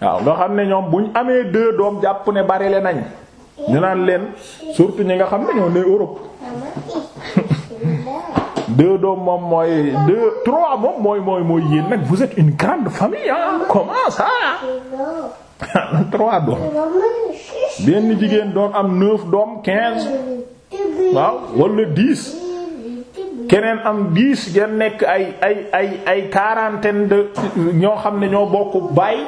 waaw nga xam ne ñoom bu amee deux doom jàpp ne bari le nañ ñu naan leen surtout ñi nga xam ne ñoo ne Europe deux doom moom mooy deux trois moom mooy mooy mooy yéen nag vous êtes une grande famille ah comment ça trois doom benn jigéen doon am neuf doom quinze waaw wala dix keneen am dix ngeen nekk ay ay ay ay quarantaine de ñoo xam ne ñoo bokk baay.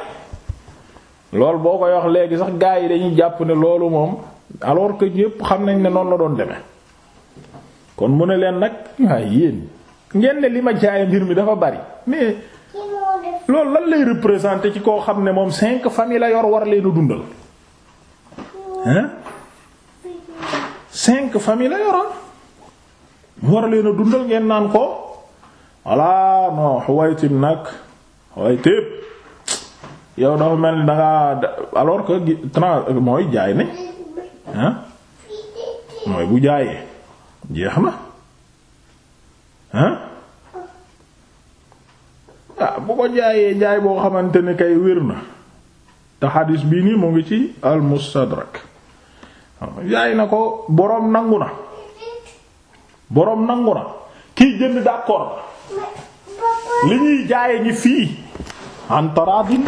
loolu boo koy wax léegi sax gaa yi dañuy jàpp ne loolu moom alors que ñépp xam nañ ne noonu la doon demee kon mu ne leen nag waaye yéen ngeen ne li ma jaay mbir mi dafa bari mais loolu lan lay représenter ci koo xam ne moom cinq famille la yor war leenu dundal hein cinq famille la yoroon war leenu dundal ngeen naan ko walla non Xuwaytib nag Xuwaytib yow dafa mel ni da ngaa alors que trans mooy jaay nañ mooy bu jaayee jeex na ah bu ko jaayee jaay boo xamante ne kay wér na te xadis bii nii mu ngi ci al mustadrak jaay na ko boroom nangu na boroom nangu na kiy jënd d'accord li ñuy jaaye ñi fii antaraadin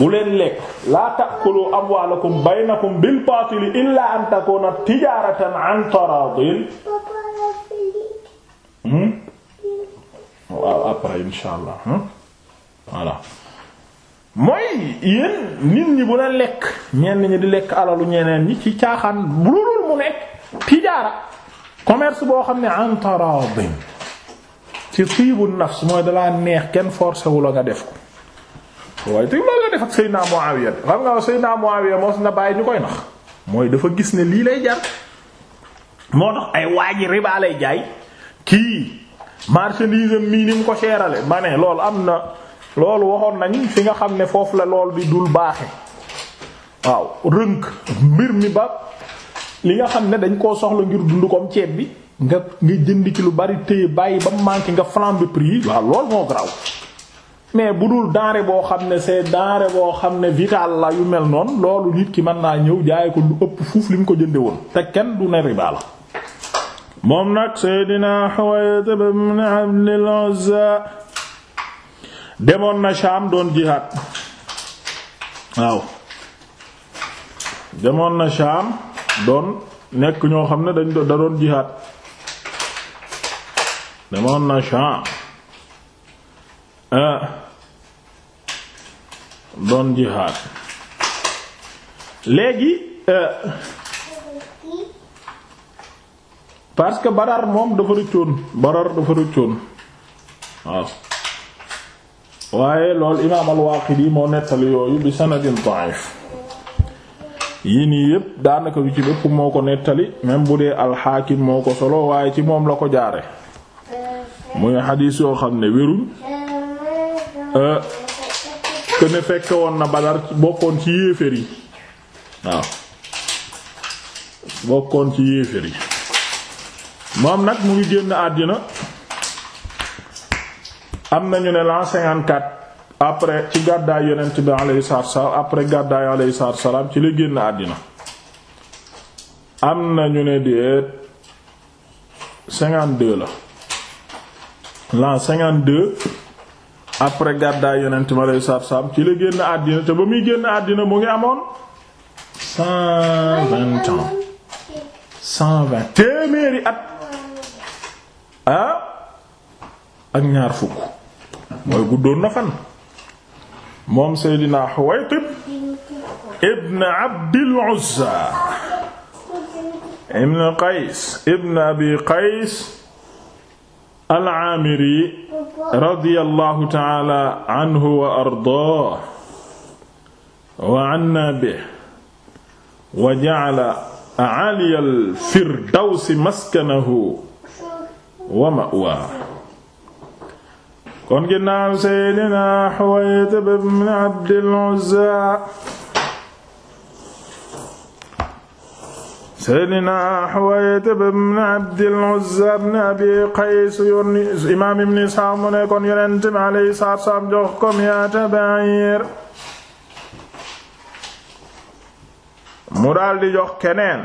bu leen lekk laa ta'kulu amwaalakum baynakum bil baatili illa an takuna tijaaratan an taraadin hmm? waaw après insha allah hmm? mooy yéen nit ñi bu leen lekk ñenn ñi di lekk alalu ñeneen ñi ci caaxaan bu dul mu nekk tijaara commerce boo xam ne an taraadin ci tiibu nafs mooy dalaa neex kenn forcé wu la nga def ko waaye te loolu la def ak Seydina Muawiya xam nga Seydina Muawiya mos bàyyi ñu koy nax mooy dafa gis ne lii lay jar moo tax ay waaji riba jaay kii marchandise mii ni mu ko seerale ma ne loolu am na loolu waxoon nañ fi nga xam ne foofu la lool di dul baaxe waaw rënk mbir mi ba li nga xam ne dañ koo soxla ngir dund koom ceeb bi nga nga jënd ci lu bari téye bàyyi ba mu manqué nga flambé prix yi waaw loolu moo graw mais bu dul denrée boo xam ne c'est denrée boo xam ne vital la yu mel noonu loolu nit ki mën naa ñëw jaay ko lu ëpp fuuf li ko jënde woon te kenn du ne riba moom nag Seydina Huwayd ibn Abdul Uzza demoon na Sham doon jihaad waaw demoon na nekk ñoo xam ne dañ da doon jihaad demoon na Sham don jihaad léegi e, parce que Badar moom dafa rëccoon Badar dafa rëccoon waaw waaye loolu imaam al-Waaqidi moo nettali yooyu bi sanadin da'if yii nii yépp daanaka yu ci bépp moo ko nettali même bu dee al moo ko solo waaye ci moom la ko jaare muy xadiis yoo xam ne wéruñ Euh, que ne fekke woon na Badar bokkoon ci yéeféer yi waaw bokkoon ci yéeféer yi moom nag mu ngi génn àddina am nañu ne l'an 54 après ci gàddaay yonent ci alayhi salaatu salaam après gàddaay alayhi salaam ci la génn àddina am nañu ne déet 52 la l'an 52 après gàddaay yonent ma lay saab saab ci la génn àddina te ba muy génn àddina mu ngi amoon téeméeri at ah ak ñaar fukk mooy guddoon na fan moom Seydina Huwaytib ibn Abdil Uzza ibn Qays ibn Abi Qays al-Aamiri radiyallahu ta'ala anhu wa ardaahu wa anna bihi wa ja'ala a'aaliya al-firdawsi maskanahu wa ma'waahu kon ginnaaw Seydina Huwaytib ibn Abdil Uzza seydina Xuwaylid ibn Abdil Uzza ibn Abi Qays yónni imaam Ibn Isxaaq mu ne kon Yonent bi alayhi salaatu wa salaam jox ko mi'ata ba'iir mu daldi jox keneen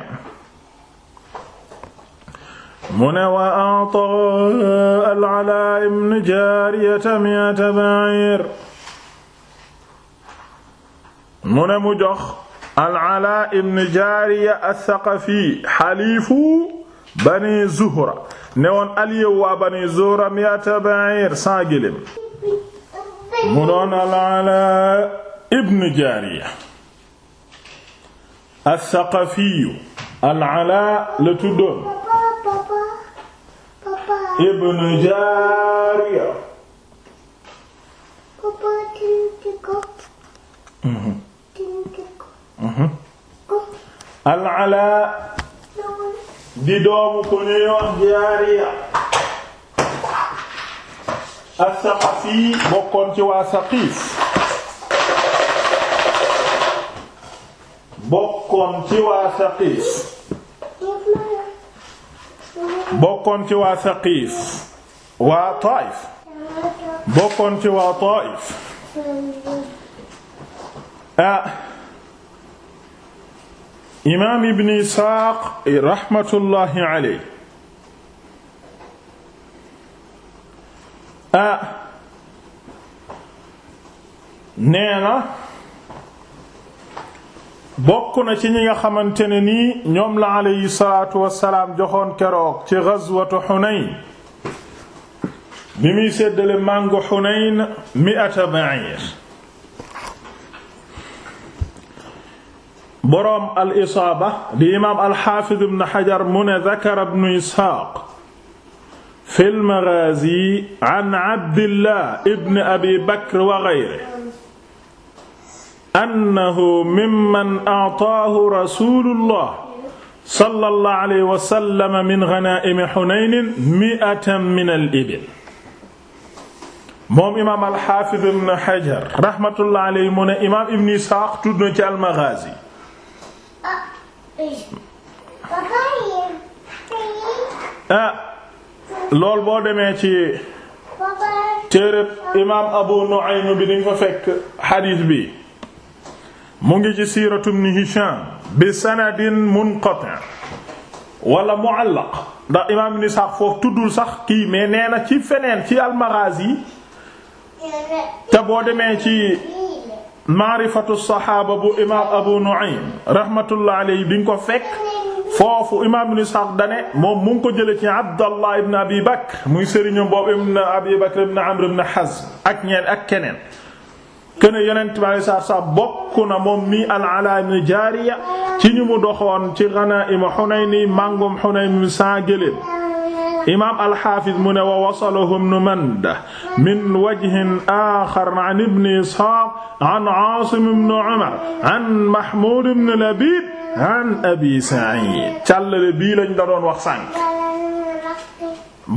mu wa a'taa al-Alaa ibn Jaariyata mi'ata ba'iir mu ne al-Alaa ibn Jaariya as-Saqafi xaliifu bani Zuhra ne woon aliyew bani Zuhra mi'ata ba'iir cent gëléem al-Alaa ibn Jaariya as-Saqafi al-Alaa la tuddoon ibn al ala di doomu ku ñuy wax Jaariya as-Saqafi bokkoon ci waa Saqiif bokkoon ci waa Saqiif bokkoon ci waa Saqiif waa ah imaam ibn Isxaaq raxmatullaahi aley a ah, nee na bokk na ci ñi nga xamante ne ñoom la aleyhi salaatu wasalaam joxoon keroog ci gazwatu Xunayn bi muy séddale màngo Xunayn mi'ata boroom al isaaba di imaam alxaafid ibn xajar mu ne dakara ibnu isxaaq fi lmagaazi an abdillah ibn abi bakr wa gayrihi annahu mimman a'taahu rasuulullah sallallahu alayhi wa sallam min ghanaa'imi Hunayn mi'atan min al-ibil moom imaam alxaafid ibn xajar raxmatullahi alayhi mu ne imaam ibn isxaaq tudd na ci al-magaazi Ah, lool boo demee ci téereb imaam Abu Nu'aym bi dañ fa fekk xadiis bi mu ngi ci siiratu Ibn Hisham bi sanadin munqati' wala mu'allaq ndax imaam Ibn Sa'd foofu tuddul sax kii mais nee na ci feneen ci al-Maghazi te boo demee ci maarifatu saxaaba bu imaam Abu Nu'aym rahmatullah alayhi bi ko fekk foofu imaam Ibn Isxaaq dane moom mu ko jëlee ci Abdallah ibn Abi Bakr muy sëriñam boobu ibn Abi Bakr ibn Amr ibn Hazm ak ñeen ak keneen. kene yonent bi alayhi salaatu salaam bokk na moom mii al-Alaa ibn Jaariya ci ñu mu doxoon ci ghanaa'imu Hunayn màngum Hunayn saa gëléem imaam alxaafiz mu ne wa wasalahu ibnu manda min wajhin axar an ibni isxaaq an aasim ibnu umar an mahmuud ibnu labiid an abi sa'iid càllale bii lañ da doon wax sànq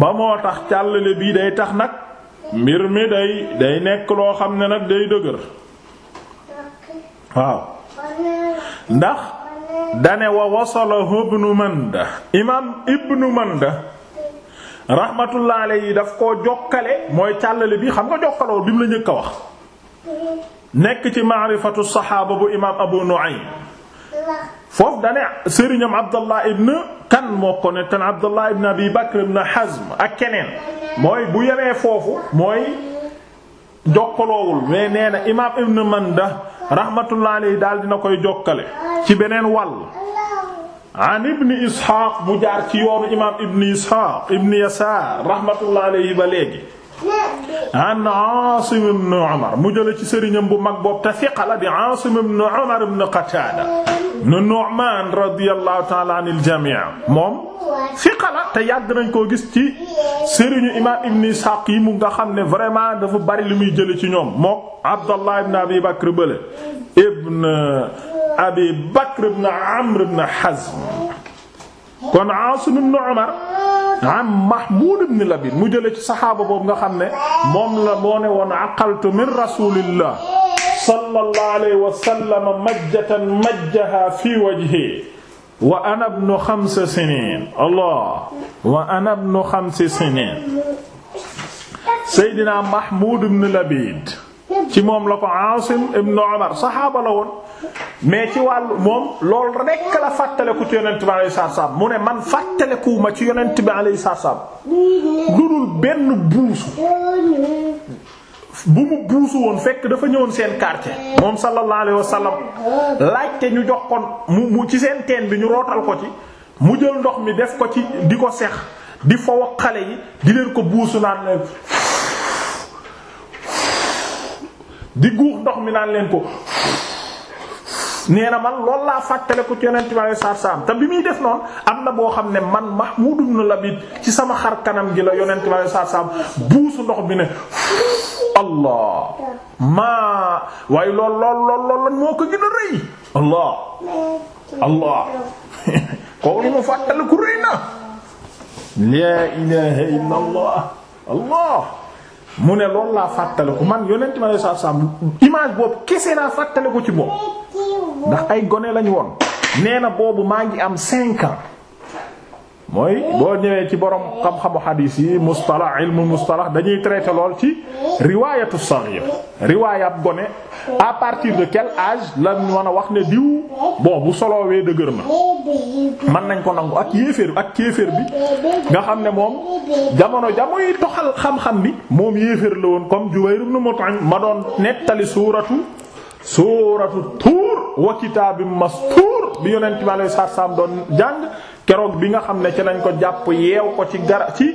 ba moo tax càllale bii day tax nag mbir mi day day nekk loo xam ne nag day dëgër waaw ndax dane wa wasalahu ibnu manda imaam ibnu manda rahmatullah yi daf ko jokkale mooy càllale bi xam nga jokkaloo bi mu la njëkk a wax nekk ci maarifatu saxaaba bu imaam Abu Nu'aym foofu dane sëriñam Abdallah ibn kan moo ko ne tan Abdallah ibn Abi Bakr ibn Hazm ak keneen mooy bu yemee foofu mooy jokkaloowul mais nee na imaam Ibn Manda rahmatullah alayhi daal dina koy jokkale ci beneen wàll an ibni isxaaq mu jaar ci yoonu imaam ibni isxaaq ibni yasaar rahmatullah alayhi ba léegi an Aasim ibn Umar mu jële ci sëriñam bu mag boobu te fiqa la di Aasim ibn Umar ibn Qataada nu Nu'maan radiyallahu ta'ala anil jamii' moom fiqa la te yàgg nañ koo gis ci sëriñu imaam ibn Isxaaq yi mu nga xam ne vraiment dafa bari li muy jële ci ñoom mook Abdallah ibn Abi Bakr bële ibn abi bakr ibn amr ibn hazm kon asim ibn umar am mahmud ibn labid mu jële ci saxaaba boobu nga xam ne moom la moo ne woon aqaltu min rasulillah sallallahu alayhi wa sallam majjatan majjaha fi wajhi wa ana ibnu xamsi sinin allah wa ana ibnu xamsi sinin seydina mahmud ibn labid ci moom la ko Asim ibn Umar saxaaba la woon mais ci wàllu moom lool rekk la fàttaleku ci yonent bi alayhi salaatu salaam mu ne man fàttalekuwuma ci yonent bi alayhi salaatu salaam lu dul benn buusu bu mu buusu woon fekk dafa ñëwoon seen quartier moom sallallahu alayhi wa sallam laajte ñu jox kon mu mu ci seen teen bi ñu rootal ko ci mu jël ndox mi def ko ci di ko sex di fo xale yi di leen ko buusu naan di guux ndox mi naan leen ko nee na man loolu laa fàttale ko ci yonent bi alayhi te bi muy def noonu am na boo xam ne man Mahmoud ibn Labid ci sama xar kanam gi la yonent bi alayhi salaatu salaam buusu ndox bi ne allah maa waaye lool lool lool lool lan moo ko gën a rëy allah allah kooku lu mu fàttale ku rëy na laa ilaaha illallah allah mu ne loolu laa fàttaliku man yonent ma ne saabsaab image boobu kese laa fàttaliku ci moom ndax ay gone lañu woon nee na boobu maa ngi am cinq mooy boo ñëwee ci borom xam-xamu xadiis yi mustalah ilmu dañuy traiter lool ci riwaayatu saghir riwaayab gone à partir de quel âge la mën a wax ne diw bon bu solowee dëgër na mën nañ ko nangu ak yéeféer ak kéeféer bi nga xam ne moom jamono jamuy toxal xam-xam bi moom yéeféer la woon comme Jubayr ibn Mut'im ma doon nettali suuratu suuratu tuur wa kitaabim mastuur bi yonent mi alayhi salaam doon jàng keroog bi nga xam ne ci lañ ko jàpp yeew ko ci gara ci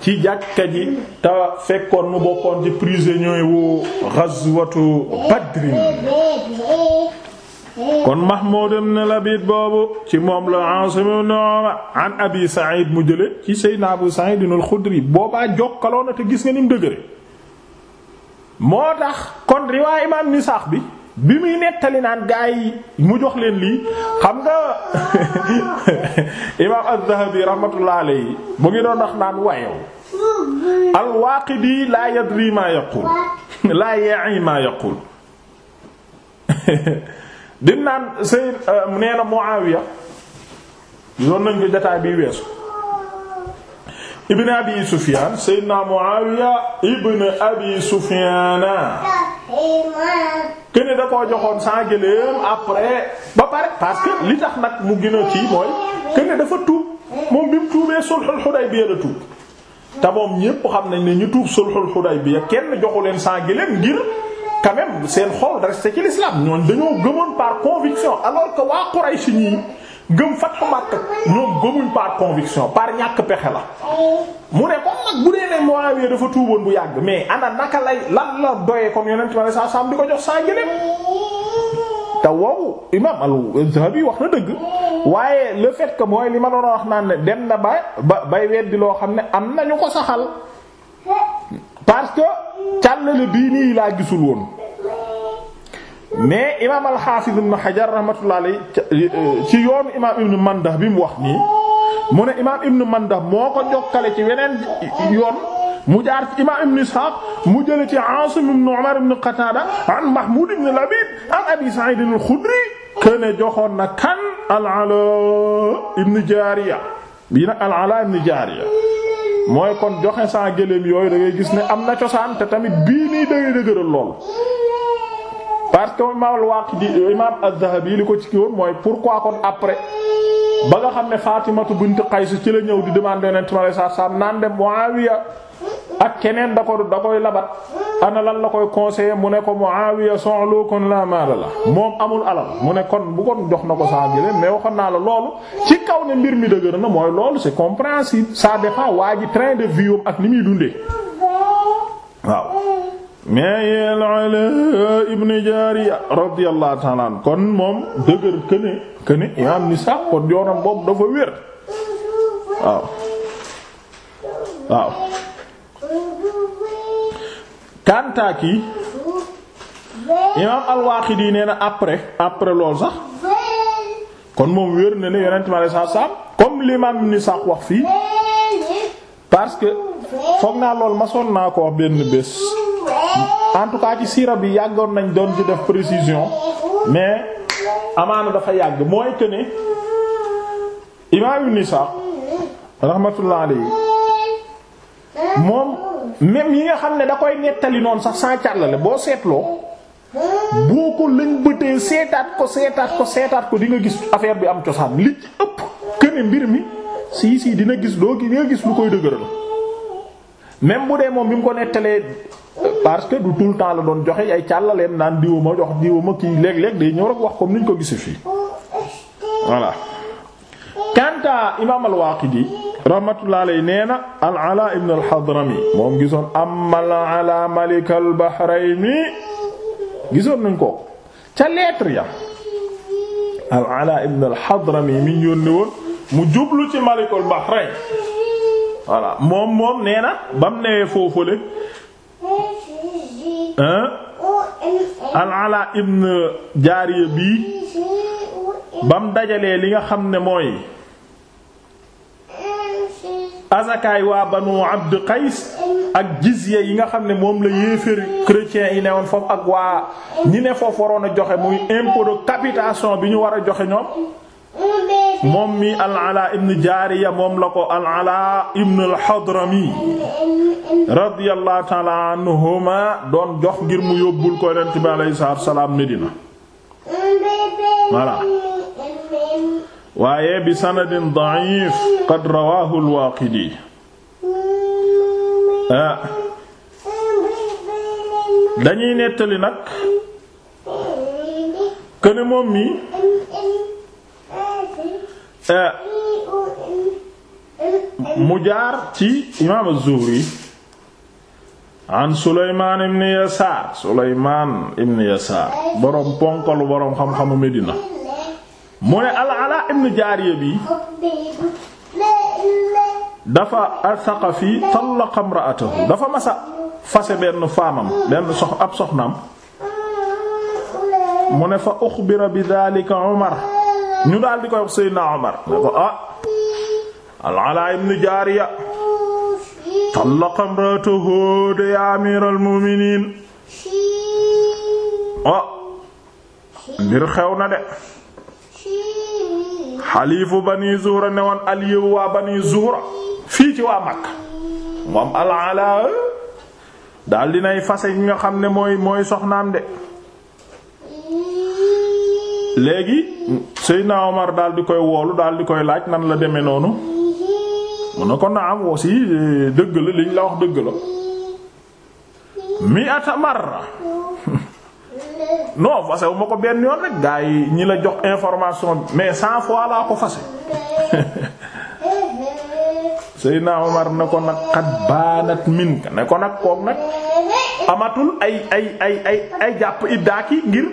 ci jàkka ji te fekkoon mu bokkoon ci prisonnier wu ghazwatu Badrin kon Mahmoud ibn Labid boobu ci moom la Asim ibn Umar an Abi Sa'id mu jële ci Sayyidina Abu Sa'id al-Khudri boobaa jokkaloona te gis nga nim mu dëgëre moo tax kon riwaay imaam Nisaax bi bi muy nettali naan gaa yi mu jox leen lii xam nga imaam az-Zahabi rahmatullah alayhi mu ngi doon wax naan wayew al-Waaqidi laa yadri maa yaqul laa ya'i maa yaqul di naan Sayyid euh, nee na Muawiya yoon nañ ko jotaay bi weesu ibn abi sufiyaan seydina muawiya ibn abi sufiyaana kene da koo joxoon sans gëléem après ba pare parce li tax nag mu gën a ci mooy kene dafa tuub moom bi mu tuubee sulhul hudaybiya la tuub te moom ñépp xam nañ ne ñu tuub sulhul hudaybiya kenn joxu leen sans gëléem ngir quand seen xol resté ci l'islam ñooñ dañoo gëmoon par conviction alors que waa Quraysh ñii gëm fatxu Makka ñoom gëmuñ par conviction par ñàkk pexe la mu ne kon nag bu dee ne Muawiya dafa tuuboon bu yàgg mais ana naka lay lan la doyee kon yonent ma saa saam di ko jox saa gëléem te wow imam al-Zahabi wax na dëgg waaye le fait ko mooy li ma doon wax naan ne dem na ba ba bay weddi loo xam ne am nañu ko saxal parce que càllale bii nii laa gisul woon mais imaam al-Hafiz ibn Hajar rahmatullah alayhi euh, ci yoonu imaam ibn Mandah bi mu wax nii mu ne imaam ibn Mandah moo ko jokkale ci weneen yoon mu jaar ci imaam ibn Ishaq mu jële ci Asim ibn Umar ibn Qatada an Mahmud ibn Labid an Abi Sa'id al-Khudri kene joxoon na kan al-Ala ibn Jariya bi nag al-Ala ibn Jariya mooy kon joxe saa gëléem yooyu da gis ne am na cosaan te tamit bii nii dëgg lool parce que imaam al-Waaqidi euh, imaam az-Zahabi li ko ci kii nga xam ne Faatimatu bint Qays ci la ñëw di demander Yonent mi alayhi salaam naan dem Muawiya ak keneen da ko da koy labat ana lan la koy conseiller mu ne ko Muawiya soxlu kon la maala la moom amul alal mu ne kon bu kon jox na ko saa jëlee mais waxoon naa la loolu ci kaw ne mbir mi dëgër na mooy loolu c'est compréhensible ça dépend waa ji train de vie ak ni muy dundee waaw. mais Ala ibn Jaariya radiyallahu ta'ala an kon moom dëgër këne këne imaam Nisaa kon yoonam boobu dafa wér waaw waaw kantaaki imaam al-Waaqidi nee na après après loolu sax kon moom wér na ne yonent mi alayhi salaam comme l'imam Ibn Sa'd wax fii parce que foog naa loolu masoon naa ko wax benn bés en tout ci siira bi yàggoon nañ doon di def précision mais amaana dafa yàgg mooy que ne imaam Ibn Ishaq rahmatullah alayhi moom même yi nga xam ne da koy nettali noon sax sans càllale boo seetloo boo ko lëñbëtee seetaat ko seetaat ko seetaat ko di nga gis affaire bi am cosaan li ci ëpp que mbir mi si si dina gis doo ki nga gis lu koy dëgëral même bu dee moom bi mu ko nettalee. parce que du tout le temps doon joxe ay càllaleen naan diwuma jox diwuma kii léeg-léeg day ñëw rek wax comme niñ ko gise fii voilà kanta imaam al-Waaqidi rahmatullahi alayhi nee na al-Alaa ibn al-Hadrami moom gisoon amma al-Alaa malik al-Bahrayni gisoon nañ ko ca lettre ya al-Alaa ibn al-Hadrami mi ñu yónni woon mu jublu ci malikul Bahrayn voilà moom moom nee na bam nee foofule al Alaa ibn Jaariya bii bam dajalee li nga xam ne mooy azakaay waa banu Abd Qays ak jizya yi nga xam ne moom la yéeféer chrétiens yi ne woon foofu ak waa ñi ne foofu waroon a joxe muy impôt de capitation bi ñu war a joxe ñoom moom mi al-Alaa ibn Jaariya moom la ko al-Alaa ibn al-Hadrami radiyallahu ta'ala anhuma doon jox ngir mu yóbbul ko Yonent bi alayhi salaam Medina voilà waaye bi sanadin da'if qad rawaahu ah. dañuy nettali nag kene moom mi Euh, mu jaar ci imaam az-Zuhri mu ne al-Alaa ibn Jaariya bi dafa al-Thaqafi tallaqa dafa masa fase benn faamam benn sox ab soxnaam mu ne fa uxbira bi daalika Umar ñu daal di koy wax Omar ne ko ah al-Alaa Jaariya tallaqa imra'atahu de ya amiral mu'miniin ah mbir xew na de xaliifu bani Zuhra ne woon aliyewu waa bani Zuhra fii ci waa Makka moom al-Alaa daal fase nga xam ne mooy mooy soxnaam de léegi Seydina mar daal di koy woolu daal di koy laaj nan la demee noonu mu ne ko naam aussi dëgg la liñ la wax dëgg la mi ata marra non fase wu ma ko benn yoon rek gaa yi ñi la jox information mais cent fois laa ko fase Seydina Omar ne ko nag xat baanat min ne ko nag koog nag amatul ay ay ay ay ay jàpp iddaaki ngir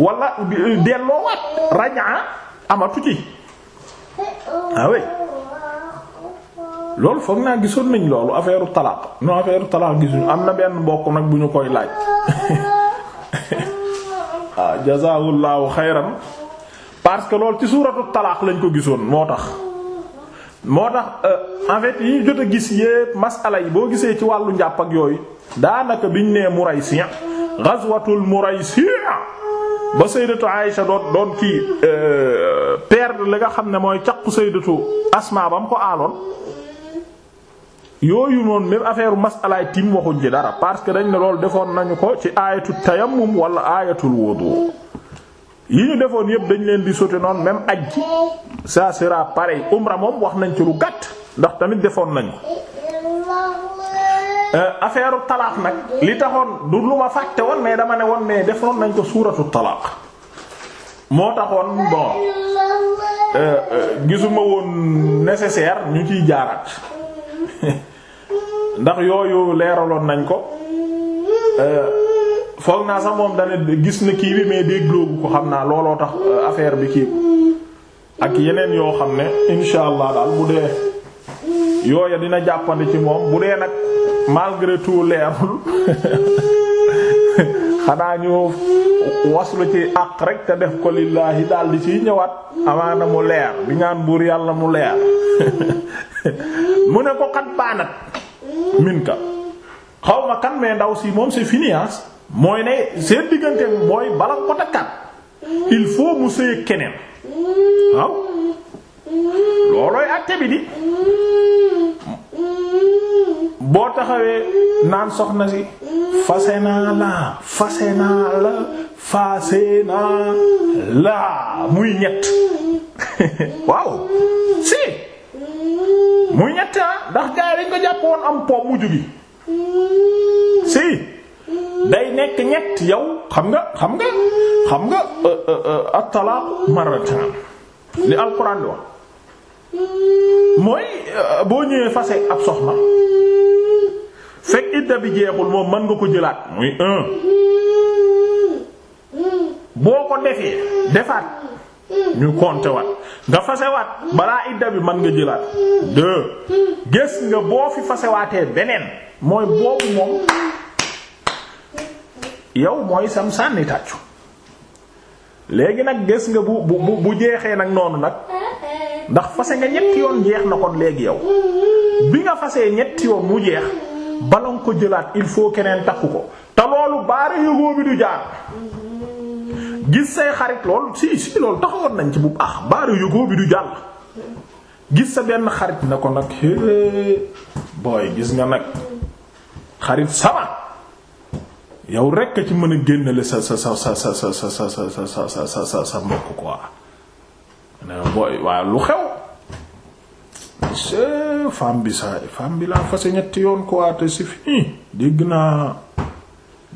wala eh, delloowaat rajaa amatu ci ah loolu foog naa gisoon nañ loolu affaire talaaq non affaire talaaq gisuñu am na benn mbokk nag bu ñu koy laaj ah jazaahullahu xayran parce que loolu ci suuratu talaax lañ ko gisoon moo tax moo tax euh, en fait yi jot a gis yépp masala yi boo gisee ci wàllu njàpp ak yooyu daanaka biñ nee Muraysi ghazwatul Muraysi ba sayyidatu Aïsha doon doon kii euh, perdre li nga xam ne mooy caqu sayyidatu Asma ba mu ko aaloon yooyu noonu même affaire masalaay tim waxuñ ci dara parce que dañ ne lool defoon nañu ko ci ayatul tayammum wala ayatul wudu yi ñu defoon yëpp dañ leen di sauter noonu même aj ji ça sera pareil umra moom wax nañ ci lu gàtt ndax tamit defoon nañ euh, affaire talaax nag li taxoon du lu ma fàtte woon mais dama ne woon mais defoon nañ ko suuratu talaax moo taxoon bon euh, euh, gisuma woon nécessaire ñu ciy jaaraat ndax yooyu leeraloon nañ ko. foog naa sax moom dane gis na kii bi mais dégloogu ko xam naa looloo tax euh, affaire bi kii ak yeneen yoo xam ne insha allah daal bu dee yooya dina jàppandi ci moom bu dee nag malgré tout leerul xanaa ñu waslu ci àq rek te def ko lillaahi daal di ciy ñëwaat amaana mu leer di ñaan buur yàlla mu leer mu ne ko xat baanat min xaw ma kan mais ndaw si moom c'est fini mooy ne seen diggante mooy bala ko takkaat il faut mu sëy keneen waaw loolooy àtte bi di boo taxawee naan soxna si fase naa la fase naa la muy ñett waaw si muy ñett ah ndax gaay dañ ko jàpp woon am po mujj gi si day nekk ñett yow xam nga xam nga xam nga euh, euh, euh, at-talaaq marratan li alxuraan di wax mooy boo ñëwee fase ab soxna fekk idda bi jeexul moom mën nga ko jëlaat mooy boo ko defee defaat ñu compter waat nga fasewaat balaa idda bi mën nga jëlaat deux gis nga boo fi fasewaatee beneen mooy boobu moom yow mooy sam sànni tàccu léegi nag gis nga bu bu bu jeexee nag noonu nag ndax fase nga ñetti yoon jeex na ko léegi yow bi nga fasee ñetti yoon mu jeex bala ko jëlaat il faut keneen takku ko te loolu baare bi du jaar gis say xarit lool si taxawoon nañ ci bu baax baare yëgoo bi du jàll gis sa benn xarit na ko nag booy gis nga nag xarit sama yow rekk a ci mën a génnale sa sa sa sa sa sa sa sa sa mbokk quoi booy lu xew c'est femme bi saa femme bi laa fase ñetti yoon quoi te si fini dégg naa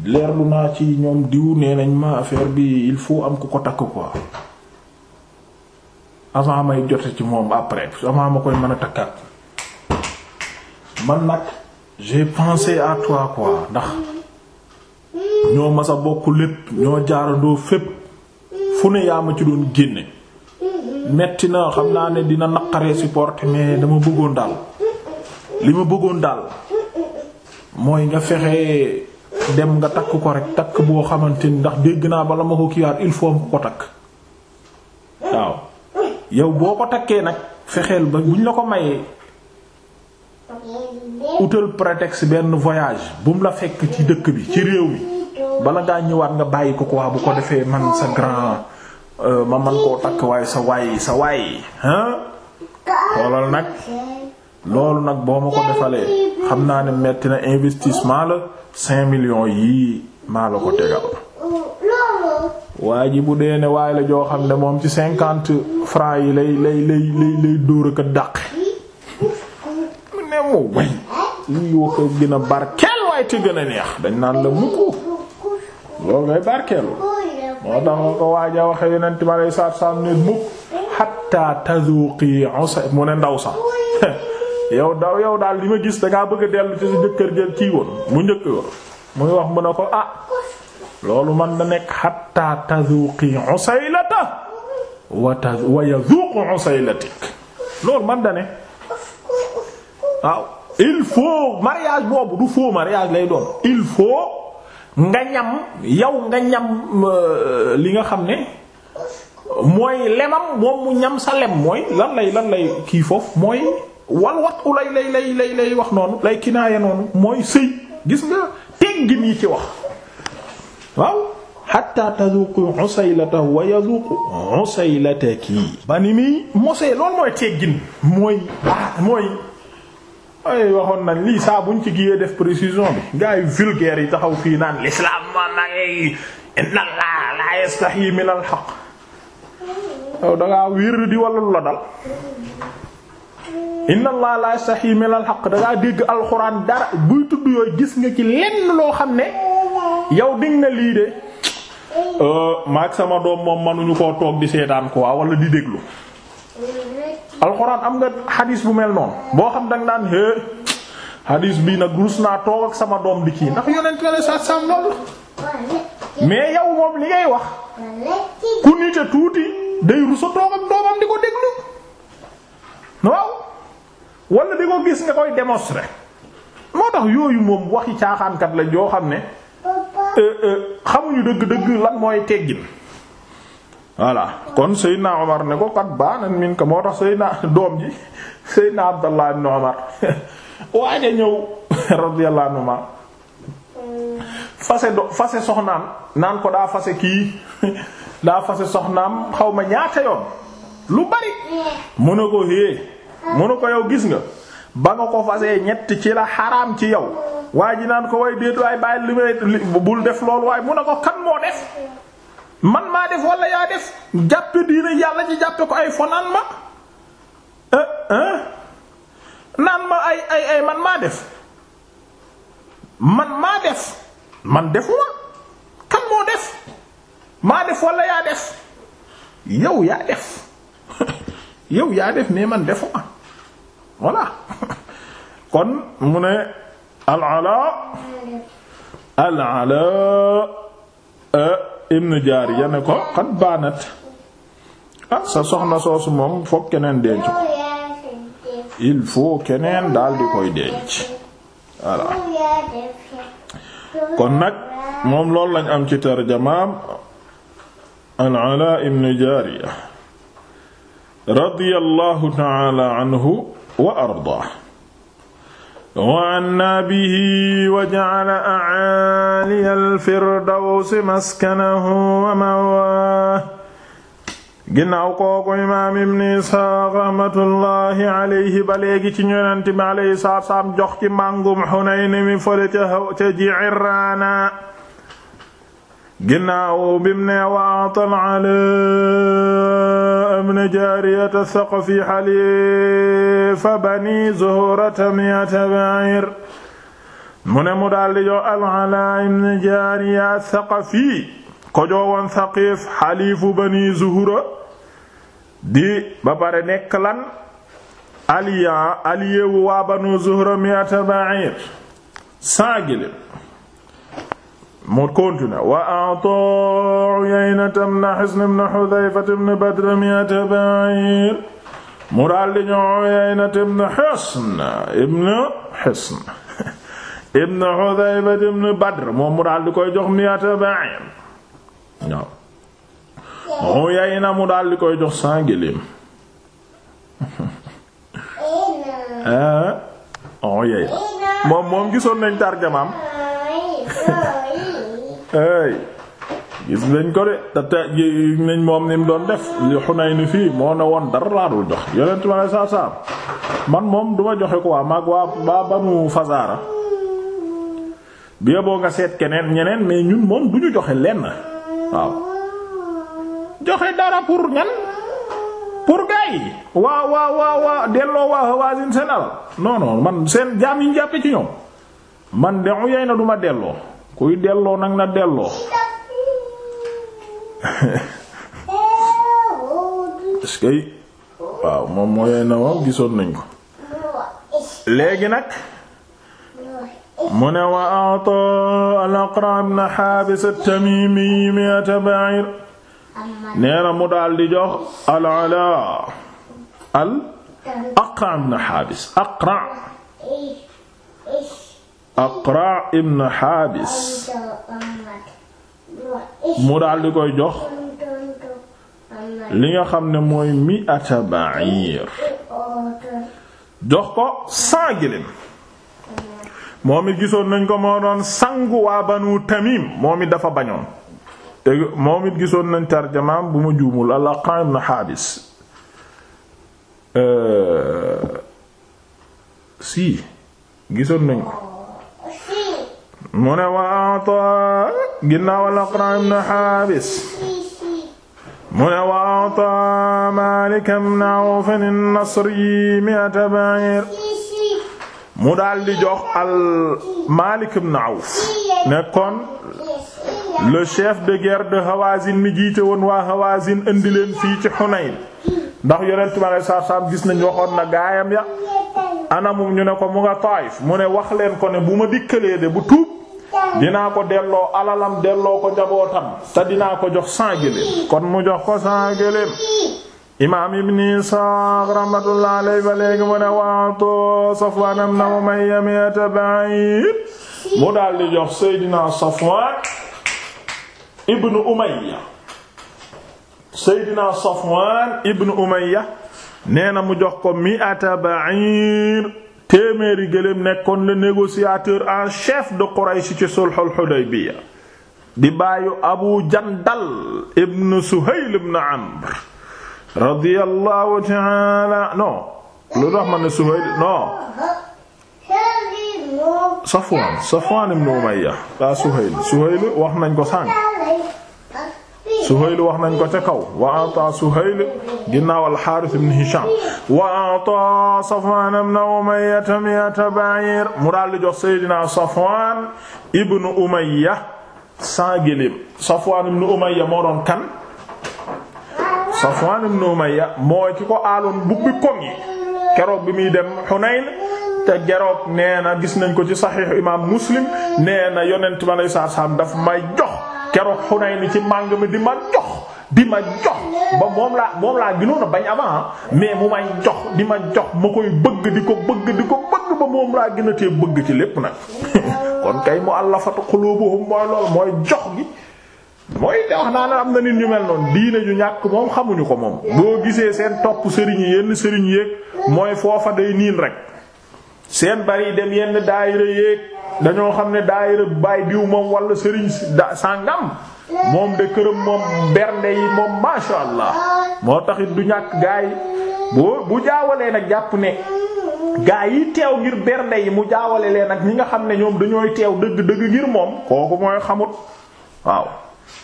leerlu naa ci ñoom diw nee nañ ma affaire bi il faut am ku ko takk quoi avant may jote ci moom après avant ma koy mën a takkaat man nag j'ai pensé à toi quoi ndax ñoo mas a bokk lépp ñoo jaarandoo fépp fu ne yaa ma ci doon génne metti na xam naa ne dina naqaree support mais dama bëggoon daal li ma bëggoon daal mooy nga fexe dem nga takk ko rek takk boo xamante ni ndax dégg naa bala ma ko kiiwaat il faut ma ko takk waaw yow boo ko takkee nag fexeel ba buñ la ko mayee utal prétexte benn voyage bu la fekk ci dëkk bi ci réew mi bala ngaa ñëwaat nga bàyyi ko quoi bu ko defee man sa grand euh, ma man koo takk waaye sa waay sa waay xoolal nag loolu nag boo ma ko defalee xam naa ne metti na investissement la cinq millions yii maa la ko tegal waa ji bu dee ne waaye la joo xam ne moom ci cinquante francs yi lay lay lay lay lay dóor ak a dàq mu ne mu way lii wax gën a barkeel waaye te a neex dañ naan la mukk loolu ngay barkeelu moo tax nga ko waaja waxe yonent bi aleyhi salaatu salaam ne mukk xattaa tazuqi mu ne ndaw sax yow daw yow daal li ma gis dangaa bëgg a dellu ci sa jëkkër jël kii woon mu njëkk yoon muy wax mu ne ko ah loolu man da nekk xattaa tazuqi usaylata wa yazuqu usaylatik loolu man da ne waaw il faut mariage boobu du faux mariage lay doon il faut nga ñam yow nga ñam euh, li nga xam ne mooy lemam moom mu ñam sa lem mooy lan lay lan lay kii foofu mooy walwatu lay lay lay wax noonu lay kinaaya noonu mooy sëy gis nga teggin yi ci wax waaw hatta tazuqu usaylatahu wa yazuqu usaylataki ba ni muy mosee loolu mooy teggin mooy ah, mooy ay waxoon nañ lii saa buñ ci giyee def précision bi gars yi yi taxaw fii naan l'islam moom na ngay inna allah la yastahi min al dangaa wala lu la dal inna allah la dégg alxuraan dara buy tudd yooyu gis nga ci lenn loo xam ne yow dig na lii de euh, maag sama doom moom manuñu koo toog di seetaan quoi wala di déglu alxuraan am nga xadiis bu mel noonu boo xam da nga naan xadiis bii nag rus naa toog ak sama doom di kii ndax yonent la sa sam loolu mais yow moom li ngay wax ku nite tuuti day rusa toog ak doomam di ko déglu waaw wala di ko gis nga koy démontrer moo tax yooyu moom waxi caaxaankat la joo xam ne euh, euh, xamuñu dëgg-dëgg lan mooy teggin voilà kon Seydina Omar ne ko kat baanan min ka moo tax Seydina doom ji Seydina Abdallah ibn Omar waaja ñëw radiyallahu anhuma fase do fase soxnaam naan ko daa fase kii daa fase soxnaam xaw ma ñaata yoon lu bari mu ne ko hée mu ne ko yow gis nga ba nga ko fasee ñett ci la xaraam ci yow waa ji naan ko way déet waay bàyyi li may bul def loolu waaye mu ne ko kan moo def man maa def wala yaa def jàppe diina yàlla ci jàppe ko ay fonaan ma eh, eh? naan ma ay ay ay man maa def man maa def man defuma kan moo def maa def wala yaa def yow yaa def yow yaa def mais man defuma voilà kon mu ne al ala Euh, ibnu Jaariya ne ko xat baanat ah, sa soxna soosu moom foog keneen denc ko il faut keneen daal di koy denc kon nag moom loolu lañ am ci tarjamaam al-Alaa ibnu Jaariya radiyallahu ta'ala anhu wa ardaa wa anna bihi wa ja'ala a'aliya al-firdawsi maskanahu wa ma'waahu ginnaaw kooku imaam ibn Isxaaq rahmatullahi alayhi ba léegi ci ñonante bi alayhi salaam jox ci màngum Xunayn mi fële ca ca Ji'irraana ginnaaw bim ne wa atal ala ibn jaariyata saqafi xalifa bani zuhrata mi'ata ba'ir mu ne mu daldi jox al ala ibn jaariya saqafi ko joowoon saqif xalifu bani zuhra di ba pare nekk lan aliya aliyewu waa banu zuhra mi'ata ba'ir saa giléem mu continue wa a'ta Uyayna ibn Hisn ibn Hudhayfa ibn Badr mi'ata ba'ir mu daal di ñu Uyayna ibn Hisn ibn Hisn ibn Hudhayfa ibn Badr moom mu daal di koy jox mi'ata ba'ir waaw Uyayna mu daal di koy jox cent gëléem eh? Uyayna moom moom gisoon nañ tarjamaam ay gis nañ ko de te te nañ moom ni mu doon def li Xunayn fii moo na woon dara laa dul jox yonent ma ne saab man moom duma joxe ko waa maag waa waa banu Fazaara bi nga seet keneen ñeneen mais ñun moom duñu joxe lenn waaw joxe dara pour ñan pour gars yi waa waa waa waa delloo waa Hawaazin seen alal non man seen jaam yi ñu ci ñoom man de Uyayna duma delloo kuy delloo nag na delloo parce que waaw moom mooy na waaw gisoon nañ ko léegi nag mu ne wa a'ta al-Aqra' ibn Haabis at-Tamimi mi'ata ba'ir nee na mu daal di jox al-Alaa al-Aqra' ibn Haabis Aqra' Aqra ibn Haabis mu daal di koy jox li nga xam ne mooy mi'ata ba'ir jox ko cent moom it gisoon nañ ko moo doon sangu waa Banu Tamim moom it dafa bañoon te moom it gisoon nañ tarjamaam bu ma juumul al Aqra ibn Haabis euh, si gisoon nañ ko mu ne wa ata ginnaaw al-Aqra ibn Haabis mu wa ata Maalik ibn Awf an-Nasri mi'ata mu daal jox al Maalik ibn Awf nekkoon le chef de guerre de Hawazin mi jiite woon waa Hawazin indi leen fii ci Hunayn ndax yonent ma gis nañ waxoon na gaayam ya anamum ñu ne ko mu nga Taayif mu wax leen ko bu ma dikkalee de bu tuub dinaa ko delloo alalam delloo ko njabootam te dinaa ko jox cent gëléem kon mu jox ko cent gëléem imaam ibn Isaaq rahmatullahi léegi mu ne waatoo Safwaan na mu may yemiyata mu daal jox Seydina Safwaan ibn Umayya Seydina Safwaan ibn Umayya nee mu jox ko mi'ata téeméeri gëléem nekkoon le négociateur en chef de Quraysh ci sulhul Hudaybiya di baayu Abu Jandal ibn Suhayl ibn Amr radiyallahu lu tax ma ne Suhayl non Safwan Safwan ibn Umayya daa Suhayl Suhayl wax nañ ko sànq Suhayl wax nañ ko ca kaw wa ata Suhayl ginnaaw al-Harith ibn wa ata Safwan ibn Umayya mi'ata ba'ir mu jox Seydina Safwan ibn Umayya cent gëléem ibn Umayya moo doon kan Safwan ibn Umayya mooy ki ko aaloon bubbi koŋ yi keroog bi muy dem Hunayn te geroog nee na gis nañ ko ci saxiix imaam muslim nee na yonent bi alayhi salaam daf may jox keroog Xunayn ci màng mi di ma jox di ma jox ba moom laa moom laa gënoon a bañ avant mu may jox di ma jox ma koy bëgg di ko bëgg di ko bëgg ba moom laa gën a tee bëgg ci lépp nag kon kay mu allafatu qulubuhum mooy lool mooy jox gi. mooy de wax naa ne am na nit ñu mel noonu diine ñu ñàkk moom xamuñu ko moom boo gisee seen topp sëriñ yi yenn sëriñ yéeg mooy foofa day niin rek. seen bari dem yenn daayira yéeg dañoo xam ne daayira baay biw moom wala sëriñ sàngam moom de këram moom bernde yi moom masha allah moo taxit du ñàkk gaay boo bu jaawalee nag jàpp ne gaay yi teew ngir bernde yi mu jaawale leen ak ñi nga xam ne ñoom dañooy teew dëgg dëgg ngir moom kooku mooy xamut waaw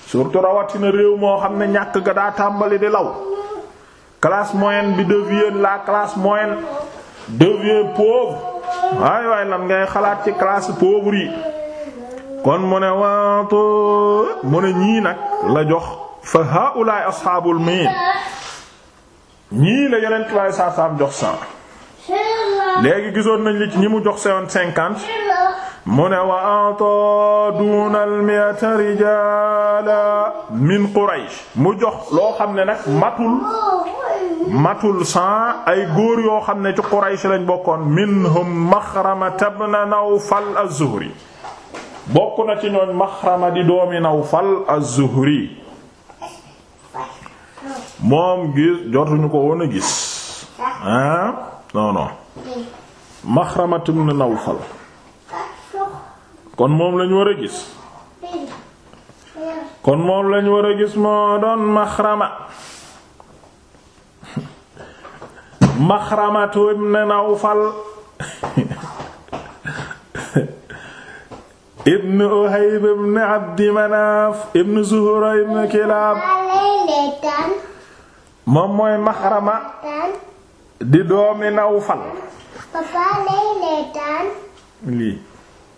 surtout rawatina réew moo xam ne ñàkk ga daa tàmbali di law classe moyenne bi devient la classe moyenne devient pauvre waay waaye nag ngay xalaat ci classe pauvre yi kon mu ne waato mu ne ñii nag la jox fa haulaay asxaabul miin ñii la yeneen tubaab yi jox cent léegi gisoon nañ li ci ñi mu jox sewoon cinquante mu ne wa ata duna almiata rijala min Quraysh mu jox loo xam ne nag matul matul san ay góor yoo xam ne ci Quraysh lañ bokkoon minhum Maxrama ibn Nawfal az-Zuhri bokk na ci ñooñ Maxrama di doomi Nawfal az-Zuhri moom gis jotuñu ko woon gis ah non non kon moom lañu war a gis kon moom lañu war a gis moo doon maxrama maxramatu ibn nawfal ibn abdi manaaf ibn zuhra ibn kilaab moom mooy maxrama di doomi nawfal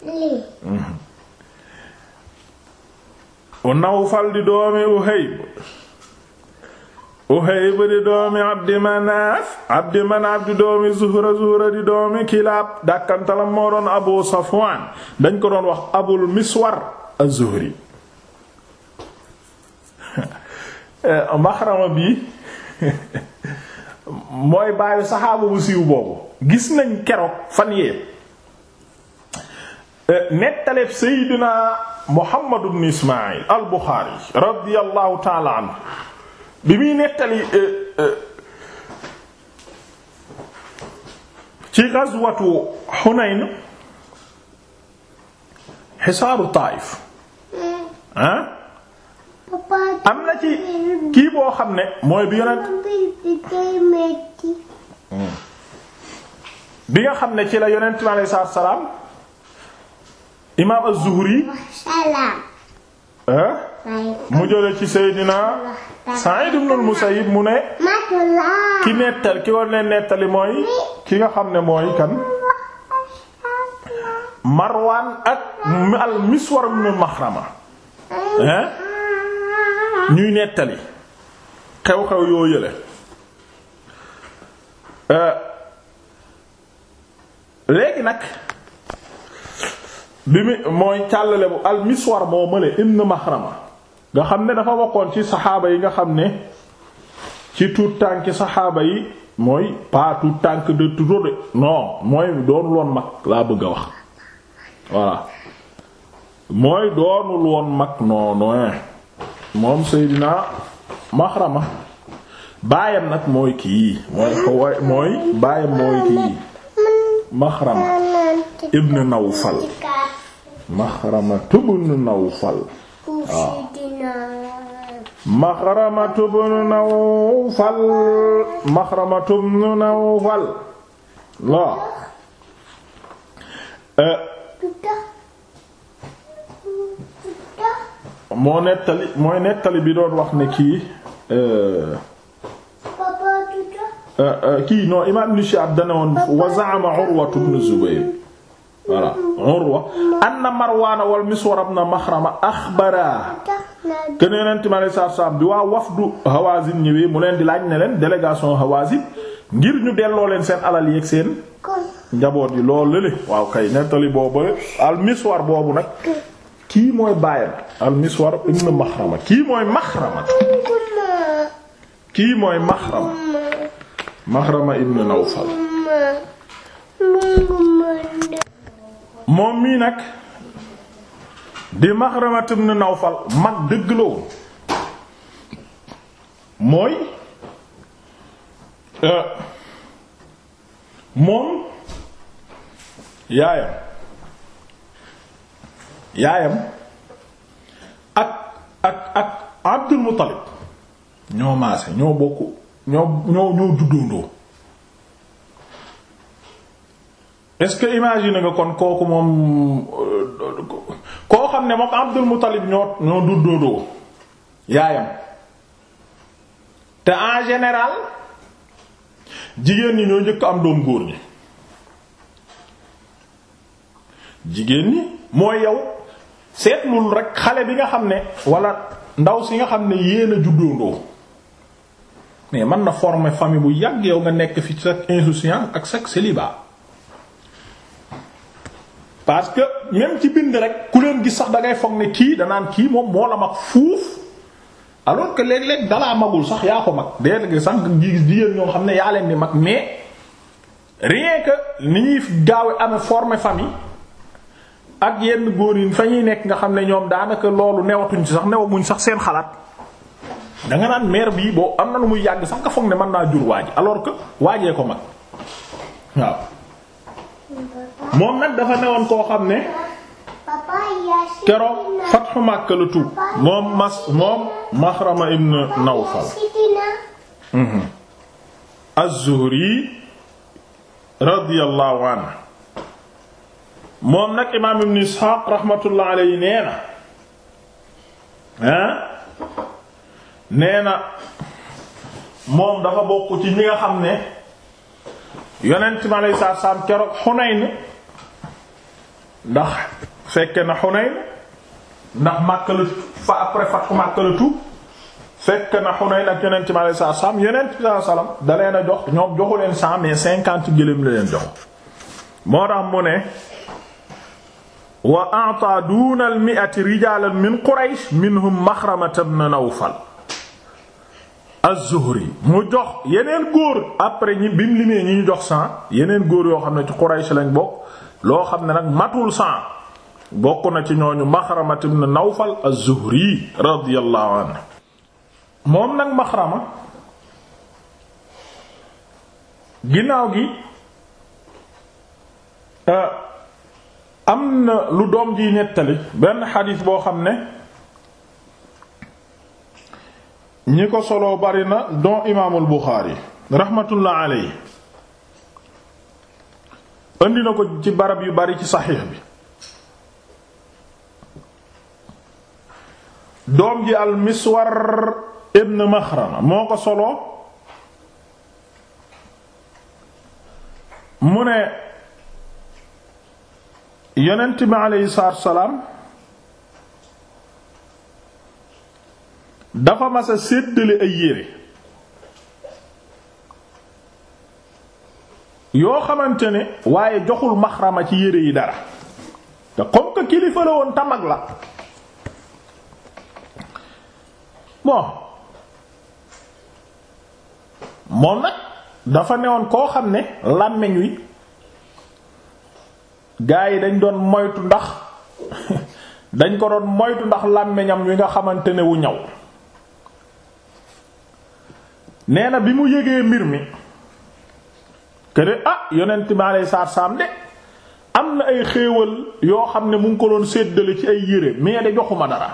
Mm-hmm. Nawfal di doomi Uhayb Uhayb di doomi Abdi Manaaf Abdi Manaaf di doomi Zuhra Zuhra di doomi Kilaab dàkkantalam moo doon Abu Safwaan dañ ko doon wax Abul Miswar az-Zuhri maxarama bi mooy baayu saxaaba bu siiw boobu gis nañ keroog fan yee Euh, nettaleeb seydina muhammad ibn ismaayil al buxaari radiyallahu taala anhu bi muy nettali euh, euh, ci gazwatu xunayn xisaaru taaif ah am na ci kii boo xam ne mooy bi yonent bi nga xam ne ci la yonent bi alayhi salaam imaam az-Zuhri mu jële ci Seydina Sa'id ibn al-Musayyib mu ne ki nettal ki war leen nettali mooy ki nga xam ne mooy kan Marwan ak al-Miswar ibn Maxrama ñuy nettali xew-xew yoo yële euh, léegi nag bi mi mooy càllale bu al miswar moo mële ibn mahrama nga xam ne dafa waxoon ci saxaaba yi nga xam ne ci tuut tànki saxaaba yi mooy pas tànk de tudóde non mooy doonul woon mag laa bëgg a wax mooy doonul mag noonoe moom Seydina mahrama baayam nag mooy kii mooy baayam mooy kii mahrama ibn nawfal maxramatu bnu nawfal waaw maxramatu bnu nawfal maxramatu bnu nawfal waaw eh. moo nettali mooy nettali bi doon wax ne kii eh, eh, kii non imaam Ibn Shihab dana woon wa za'ama Urwatu bnu Zubayr voilà Urwa anna Marwaana wal Miswar ibn Maxrama axbara kene yonent mi alei saatu salaam bi waa wafdu Hawazin ñëwee mu leen di laaj ne leen délégation Hawazin ngir ñu delloo leen seen alal yeeg seen njaboot yi loolu lële waaw kay nettali boobu al Miswar boobu nag kii mooy baayam al Miswar ibn Maxrama kii mooy Maxrama kii mooy Maxrama Maxrama ibn moom mii nag di Maxramat ibn Nawfal mag dëgg la woon mooy euh, moom yaayam yaayam ak ak ak Abdul Muttalib ñoo maase ñoo bokk ñoo ñoo ñoo est-ce que imagine nga kon kooku moom koo xam ne moom Abdul Muttalib ñoo ñoo duddoodoo yaayam te en général jigéen ñi ñoo njëkk am doom góor ñi jigéen ñi mooy yow seetlul rek xale bi nga xam ne wala ndaw si nga xam ne yéen a juddoondoo mais mën na former famille bu yàgg yow nga nekk fi sa insouciance ak sa célibat parce que même ci bind rek ku leen gis sax da ngay foog ne kii danaan kii moom moo la mag fuuf alors que léeg-léeg dalaa magul sax yaa ko mag déedéet sax jigéen ñoo xam ne yaa leen di mag mais rien ni ñuy gaawe amee former famille ak yenn góor yi fa ñuy nekk nga xam ne ñoom daanaka loolu newatuñ ci sax newamuñ sax seen xalaat danga naan mère bii boo am na lu muy yàgg sax nga foog ne mën naa jur waaj alors que waajee ko mag waaw. moom nag dafa newoon koo xam ne keroog fatxu Makka la tuub moom mas moom Maxrama ibn Nawfal mhm. az-Zuhri radiyallahu moom nag imaam ibn Isxaaq rahmatullah alayhi nee na ah nee na moom dafa bokk ci ñi nga xam ne yonent mi alayhi salaam keroog Xunayn ndax fekke na Hunayn ndax Makka la fa après fatu Makka la tuub fekk na Hunayn ak yonent mi alayhi salaam yonent bi alayhi salaam da leen a jox ñoom joxu leen cent mais cinquante gëléem la leen jox moo tax mu ne wa a'ta duna al mi'ati rijalan min Quraysh minhum Maxramata ibn Nawfal az mu jox yeneen góor après ñi bi mu limee ñi ñu jox cent yeneen góor yoo xam ne ci Quraysh lañ bokk loo xam ne nag matul san bokk na ci ñooñu Maxrama ibn Nawfal az-Zuhri radiyallahu anhu moom nag Maxrama ginnaaw gi euh, am na lu doom ji nettali benn xadiis boo xam ne ñi ko solo bari na don imaamul Buxaari raxmatullah alayhi indi na ko ci barab yu bari ci saxiix bi doom ji al miswar ibn maxrama moo ko solo mu ne yonent bi aleyhi salaatu salaam dafa mas a ay yére yoo xamante ne waaye joxul maxrama ci yére yi dara te comme que kilifa la woon tamag la bon moom nag dafa newoon koo xam ne làmmiñ wi gaa yi dañ doon moytu ndax dañ ko doon moytu ndax làmmiñam wi nga xamante ne wu ñaw nee na bi mu yëgee mbir mi kene ah yonent bi aleyhi salaatu salaam de am na ay xéewal yoo xam ne mu ngi ko doon séddale ci ay yére mais de joxuma dara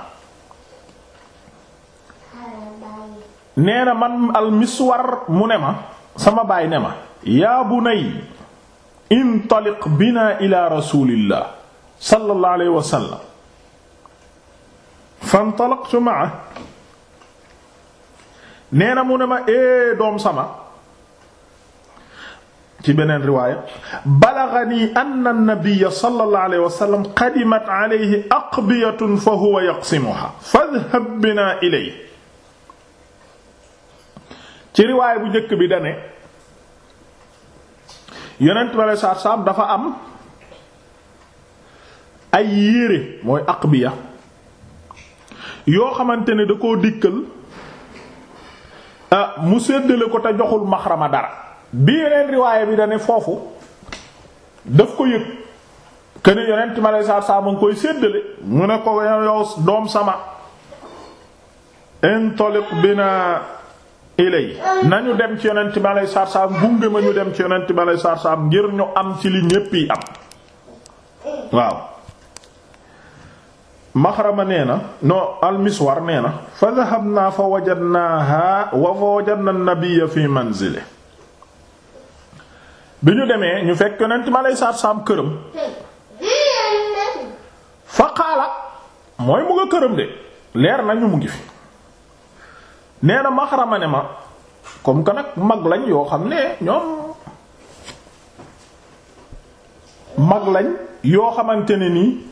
nee na man al miswar mu ne ma sama baay ne ma yaa bunay intaliq bina ila rasulillah sallallahu alayhi wa sallam fantalaqtu ma'a nee na mu ne ma ee doom sama ci beneen riwaaya balaghani anna an-nabiyya sallallahu alayhi wa bu njëkk bi dane yonent bi dafa am ay yére mooy aqbiya yoo xamante ne da koo dikkal ah, mu séddale ko te joxul maxrama dara bi yeneen riwaaya bi dane foofu def ko yëg këne yonent ma saar saa mu koy séddale mu ne ko yow doom sama intoliq na ilay nañu dem ci yonent ma lay saar saam ñu dem ci yonent ma lay saar saam ngir ñu am ci li ñépp yi am waaw maxrama nee na no almiswar nee na fa dhahabna fa wajadnaha wa fa wajadna an fi manzilihi bi ñu demee ñu fekk yonent mi aleyhi salaatu salaam këram fa xaala mooy mu nga këram de leer nañu mu ngi fi nee maxarama ne ma comme que nag mag lañ yoo xam ne ñoom mag lañ yoo xamante ni nii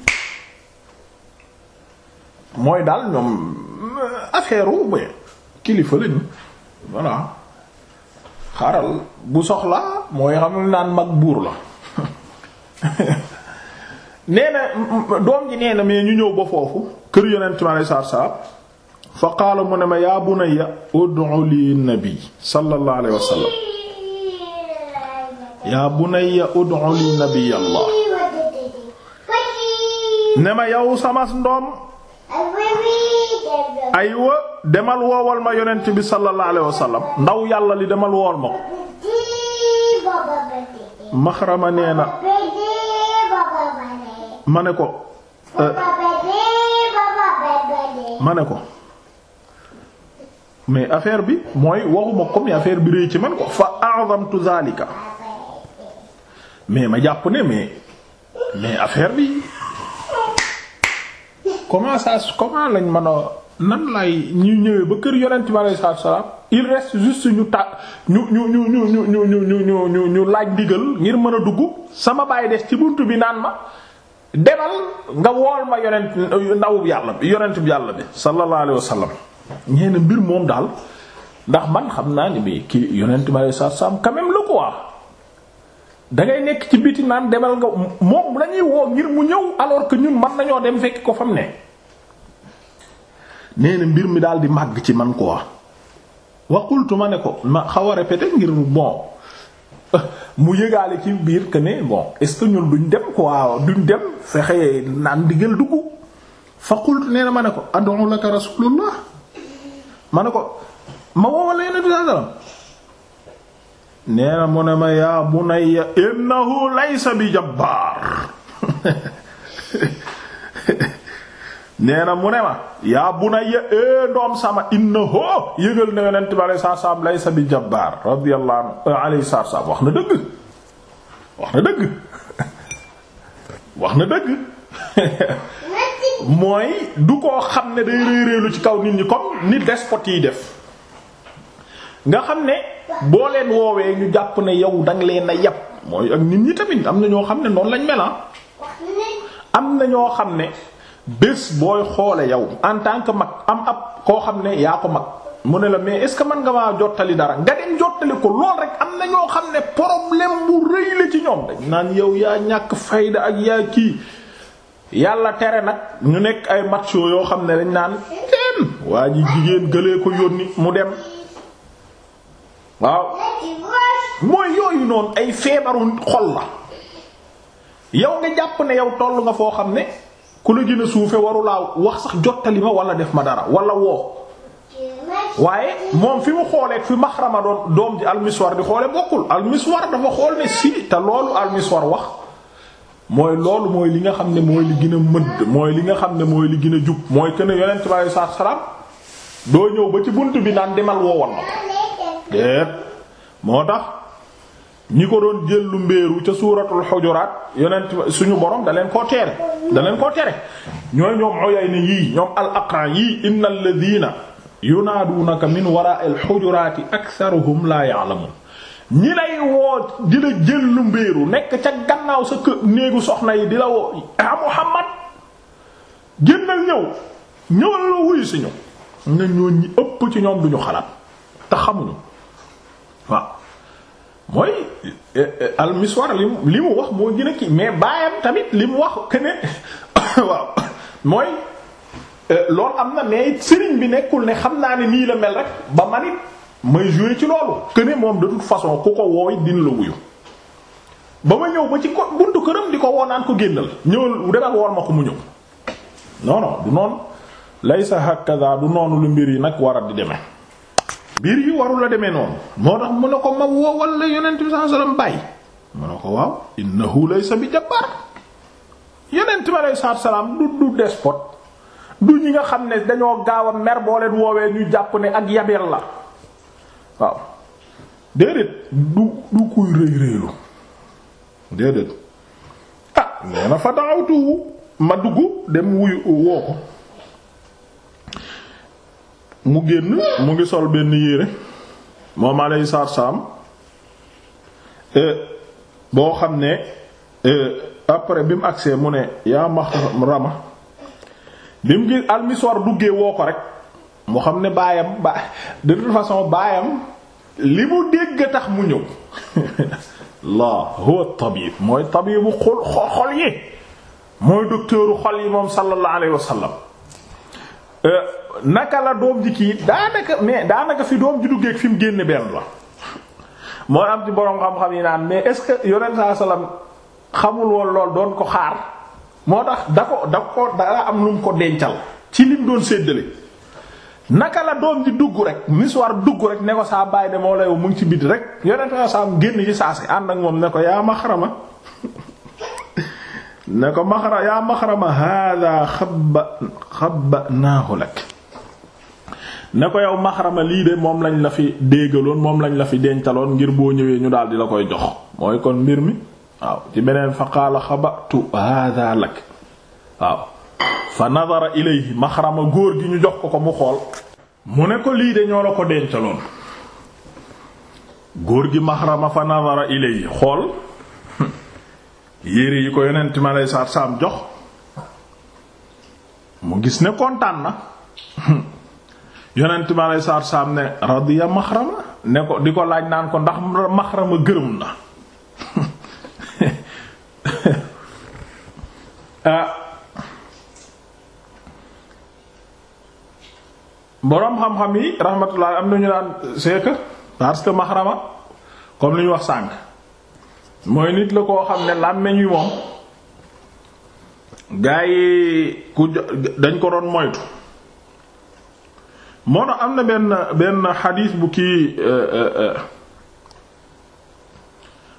mooy daal ñoom euh, affaire kilifa lañu voilà xaaral bu soxlaa mooy xam naan mag buur la nee na doom ji nee na mais ñu ñëw ba foofu kër yonent mi alei saatu fa qaala mu ne ma yaa bunayya ud'u li nabi sallallahu alayhi wa sallam ne ma yow samas ndoom aywa demal woowal ma yonent bi sallallahu alayhi ndaw yàlla li demal wool ma ko maxrama nee na ma ne ko euh, ma ne ko mais affaire bi mooy waxuma ko mais bi réy ci man ko fa a'zamtu zalika mais ma jàpp ne mais mais affaire bi comment ça comment lañ mën a nan lay ñu ñëwee ba kër yonent bi alayhi salaatu salaam il reste juste ñu ta ñu ñu ñu ñu ñu ñu ñu ñu ñu ñu laaj ndigal ngir mën a dugg sama baay des ci buntu bi naan ma demal nga wool ma yonent ndaw yàlla bi yonent bi yàlla bi sallallahu alayhi wa sallam ñee na mbir moom daal ndax man xam naa ni bi ki yonent bi alayhi salaatu salaam quand même le quoi da ngay nekk ci biti naan demal nga moom lañuy woo ngir mu ñëw alors que ñun mën nañoo dem fekk ko fam ne nee na mbir mi daal di màgg ci man quoi wa qultu ma ne ko ma xaw a répéter ngir bon mu yëgaale ci biir ka ne bon est ñun duñ dem quoi duñ dem fexe naan digal dugg fa qultu nee ma ne ko ad'u laka rasulullah ma ne ko ma woowa lay a dinaa dalam nee na mu ne ma yaa bunayya innahu laysa bi jabbaar nee na mu ne ma yaa bunayya ee ndoom sama inna hoo yëgal na yonent bi alayhi salaam laysa bi jabbaar radiyallahu anhu euh, alayhi salaam wax na dëgg wax na dëgg wax na dëgg mooy du koo xam ne day réeréelu ci kaw nit ñi comme ni despot yi def nga xam ne boo leen woowee ñu jàpp ne yow danga leen a yab mooy ak nit ñi tamit am na ñoo xam ne noonu lañ mel ah. am na ñoo xam ne bés booy xoole yow en tant que mag am ab koo xam ne yaa ko mag mu ne la mais est ce que mën nga maa jottali dara nga dem jottali ko lool rek am na ñoo xam ne problème bu rëy la ci ñoom dañ naan yow yaa ñàkk fayda ak yaa kii yàlla tere nag ñu nekk ay macho yoo xam ne dañ naan dem waa ji jigéen gëlee ko yónni mu dem waaw mooy yooyu noonu ay feebaru xol la yow nga jàpp ne yow tollu nga foo xam ne ku la gën a suufe warulaa wax sax jottali ma wala def ma dara wala woo waaye moom fi mu xooleeg fi maxrama doon doom ji almiswar di xoole bokkul almiswar dafa xool ne si te loolu almiswar wax mooy loolu mooy li nga xam ne mooy li gën a mëdd mooy li nga xam ne mooy li gën a jub mooy que ne yonent bi aleyhi salaatu doo ñëw ba ci bunt bi naan demal woo woon ko déet moo tax. ñi ko doon jël lu mbéeru ca suuratul xujuraat yonent suñu borom da leen koo tere da leen koo tere ñooy ñoom Uyayna yii ñoom al-Aqra yii innal ladina yunaaduunaka min wara'il xujuraati aktharuhum laa ya'lamuun ñi lay woo di la jël lu nekk ca gannaaw sa kër néegu soxna yi di la woo ah Muhammad génnal ñëw ñëwal la wuyu si ñu nga ñooñ ñi ëpp ci ñoom duñu xalaat te xamuñu waaw mooy eh, eh, almiswar li mu wax moo gën a kii mais baayam tamit li mu wax que ne waaw mooy eh, loolu am na mais sëriñ bi nekkul ne xam naa ne nii la mel rek ba manit may joué ci loolu que ne moom de toute façon ku ko wooy dina la wuyu ba ma ñëw ba ci ko buntu këram di ko woo naan ko génnal ñëwal demal woon ma ko mu ñëw non non du noonu laysa hakaza du noonu lu mbir yi nag war a di demee biir yi warul la demee noonu moo tax mu ne ko ma woowal la yonent bi bàyyi mu ne ko waaw innahu laysa bi jabbar yonent bi sallallahu du du du ñi nga xam ne dañoo gaaw a mer boo leen woowee ñu jàpp ne ak yabeer la waaw déedéet du du kuy rëy rëylu déedéet ah nee na fa daawtu ma dugg dem woo ko mu génn mu ngi sol benn yére moom alayhi salaam e, boo xam ne e, après bi mu agsee mu ne yaa Maxrama bi mu ngi almiswar duggee woo ko rek mu xam ne baayam ba de toute façon baayam li mu dégg tax mu ñëw la huwa tabib mooy tabibu xol xol yi mooy docteuru xol yi moom sallallahu alayhi wasallam Euh, naka la doom ji kii daanaka mais daanaka fi doom ji duggee fi mu génne benn la moo am ci boroom xam-xam yi naan mais est-ce que yonent saa salaam xamul woon lool doon ko xaar moo tax da ko da ko daa am lu mu ko dencal ci lim doon séddale naka la doom ji dugg rek miswaar dugg rek ne ko saa bàyyi de moo la mu ngi ci bit rek yonent saa salaam génn ci saa si ànd ak moom ne ko yaa ma xarama ne ko maxara yaa maxarama hada xaba xaba naahu ne ko yow maxarama lii de moom lañ la fi déggaloon moom lañ la fi dencaloon ngir boo ñëwee ñu daal di la koy jox mooy kon mbir mi waaw ci beneen fa qaala xabatu hada lak waaw fa nadara ilayhi maxarama góor gi ñu jox ko ko mu xool mu ne ko lii de ñoo la ko dencaloon góor gi maxarama fa nadara ilayhi xool yére yi ko yonent ma lay saat saam jox mu gis ne kontaan na yonent ma lay saat saam ne radiya maxrama ne ko di ko laaj naan ko ndax maxrama gërëm na ah. boroom xam-xam yi rahmatullah am nañu naan c'est que parce que maxrama comme li ñu wax sànk mooy nit la koo xam ne làmmeñ wi moom gaa yi ku dañ ko doon moytu moo tax am na benn benn xadiis bu kii eh, eh, eh,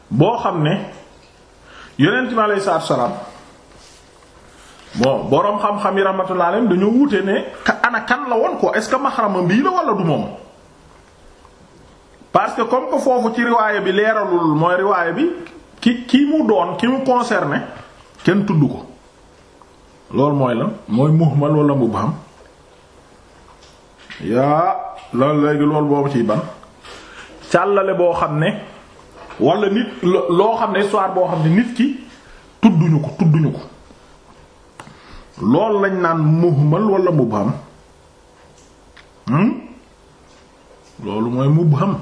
boo xam ne yonent mi aleyhi salaatu salaam bon boroom xam-xam yi rahmatullahi alayhim dañoo wute ne ana kan la woon ko est-ce que maxaramam bii la walla du moom parce que comme que foofu ci riwaaya bi leeralul mooy riwaaya bi ki ki mu doon ki mu concerné kenn tudd ko loolu mooy la mooy muhmal wala mubham yaa loolu léegi loolu boobu ciy ban càllale boo xam ne wala nit loo xam ne histoire boo xam ne nit ki tudduñu ko tudduñu ko lool lañ naan muhmal wala mubham hmm? loolu mooy mubham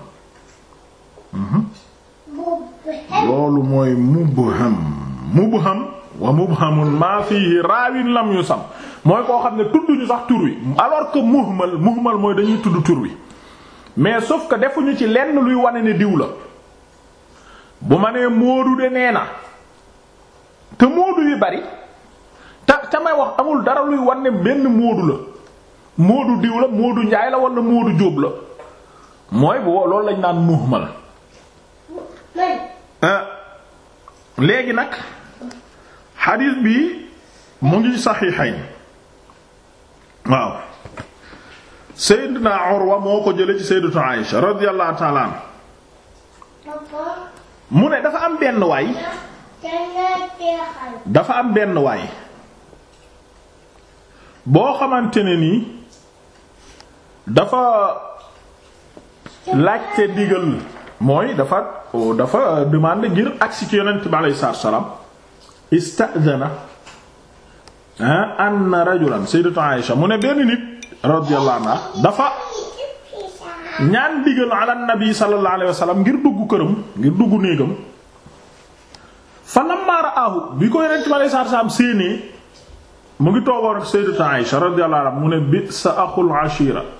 Mm-hmm. loolu mooy mubham mubham wa mubhamun maa yi raawin lam yu sam mooy koo xam ne tudduñu sax tur wi alors que muhmal muhmal mooy dañuy tudd tur wi mais sauf ko defuñu ci lenn luy wane ne diw la bu ma nee moodu de nee na te moodu yu bari te te may wax amul dara luy wane benn moodu la diw la moodu njaay wala moodu jóob la lañ naan muhmal Euh, léegi nag xadiis bi mu ngi saxiixayn waaw Seydina Urwa moo ko jële ci Seydatu Aïsha radiyallahu ta'ala anha mu ne dafa am benn waay dafa am benn waay boo xamante ne nii dafa laajte digal mooy dafa dafa demande ngir agsi ci yonent bi alayhi salaatu wa salaam ista'dana an ah, rajulan sayyidatu Aisha mu ne benn nit radiyallahu anha dafa ñaan digal ala nabi sallallahu alayhi wa sallam ngir dugg këram ngir dugg néegam fa lamma ra'ahu bi ko yonent bi alayhi salaatu wa salaam séenee mu ngi toogoon sayyidatu Aisha radiyallahu anha mu ne bi sa axul ashira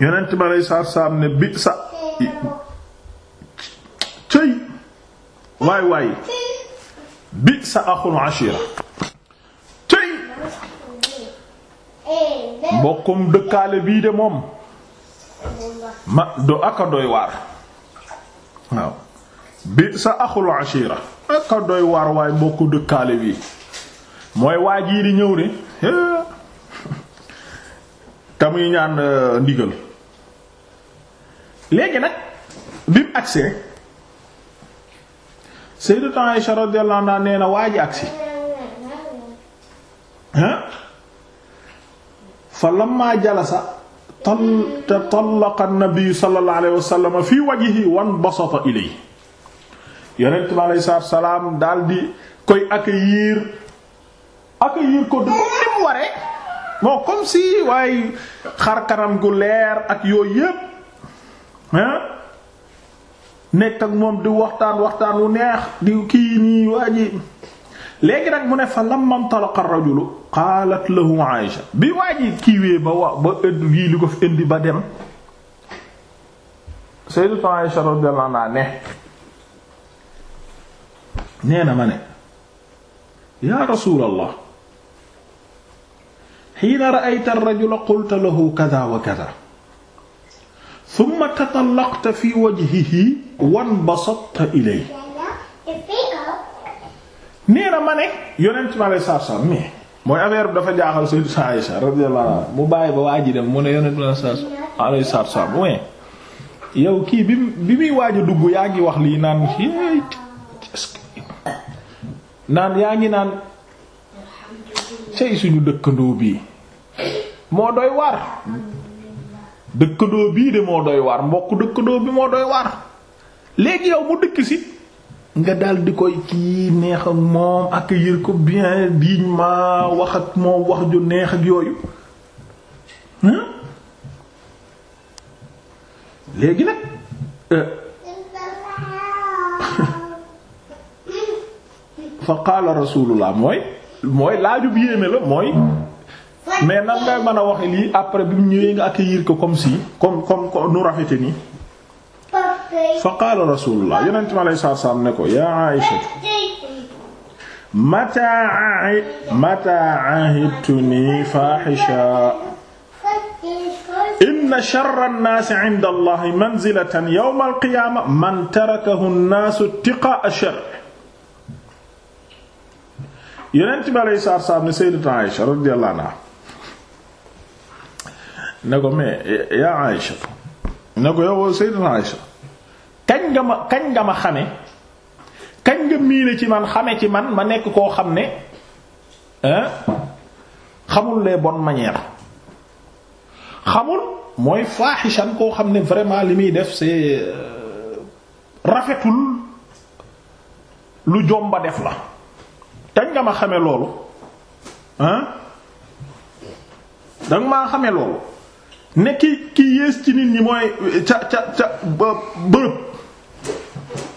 yonent ma lay saar saam ne bi sa cëy waay waay bi sa axul ashira cëy mbokkum dëkkaale bii de moom ma do aka doy waar waaw bi sa axul ashira aka doy waar waaye mbokku dëkkaale bii mooy waaj yi di ñëw de te muy ñaan euh, ndigal léegi nag bi mu agsee sayyidatu Aisha radiyallahu anha nee na waa ji agsi fa lamma jalasa tatalaqa an-nabi sallallahu alayhi wa sallam fi wajhihi wanbasata ilayhi yonent bi alayhi salaatu salaam daal di koy accueillir accueillir ko du ko ni mu waree bon comme si waaye xar kanam gu leer ak yooyu yépp hein nekk moom di waxtaan waxtaan wu neex di kii nii waa ji nag mu ne fa lamma ntalaqa ar-rajulu qaalat lahu Aïsha bi waa kii kiiwee ba wa ba ëdd lii li ko fi indi ba dem sayyidatu Aïsha radiyallahu anha ne nee na ma ne yaa rasulallah xiina ra'ayta ar-rajula qulta lahu kaza wa kaza thumma tatallaqta fi wajhihi wanbasatta ilayhi nee na ma ne yonent mi alayhi salaatu salaam mais mooy affaire bi dafa jaaxal Sayyidatu Aïsha radiyallahu anha mu bàyyi ba waa ji dem mu ne yonent mi alayhi salaatu salaam mais yow kii bi bi muy waaj a dugg yaa ngi wax lii naan naan yaa ngi naan say suñu dëkkandoo bii moo doy waar dëkkandoo bii de moo doy waar mbokk dëkkandoo bi moo doy waar léegi yow mu dëkk si nga daldi koy kii neex ak moom ak yër ko bien dignement wax ak moom wax ju neex ak yooyu léegi nag euh, fa qaala rasulullah mooy mooy laaju bi yéeme la mooy mais nan ngay mën a waxe lii après bi mu ñëwee nga accueillir ko comme si comme comme comme nu rafete nii fa qaala rasulullah yonent mi alayhi salaatu salaam ne ko yaa Aïsha mataa mataa ahidtuni faahisha inna sharra an-naasi 'inda allahi manzilatan yawma al-qiyaama man tarakahu an-naasu ittiqaa'a sharrihi yonent mi alayhi salaatu salaam ne sayyidatu Aïsha radiyallahu anha ne ko mais yaa Aïcha ne ko yow Sayyidina Aïcha kañ nga ma kañ nga ma xame kañ nga miine ci man xame ci man ma nekk koo xam ne xamul les bon manières xamul mooy faaxishan koo xam ne vraiment li muy def c'est euh, rafetul lu jomba def la kañ nga ma xame loolu ah danga maa xame loolu ne ki ki yées ci nit ñi mooy ca ca ca bërëb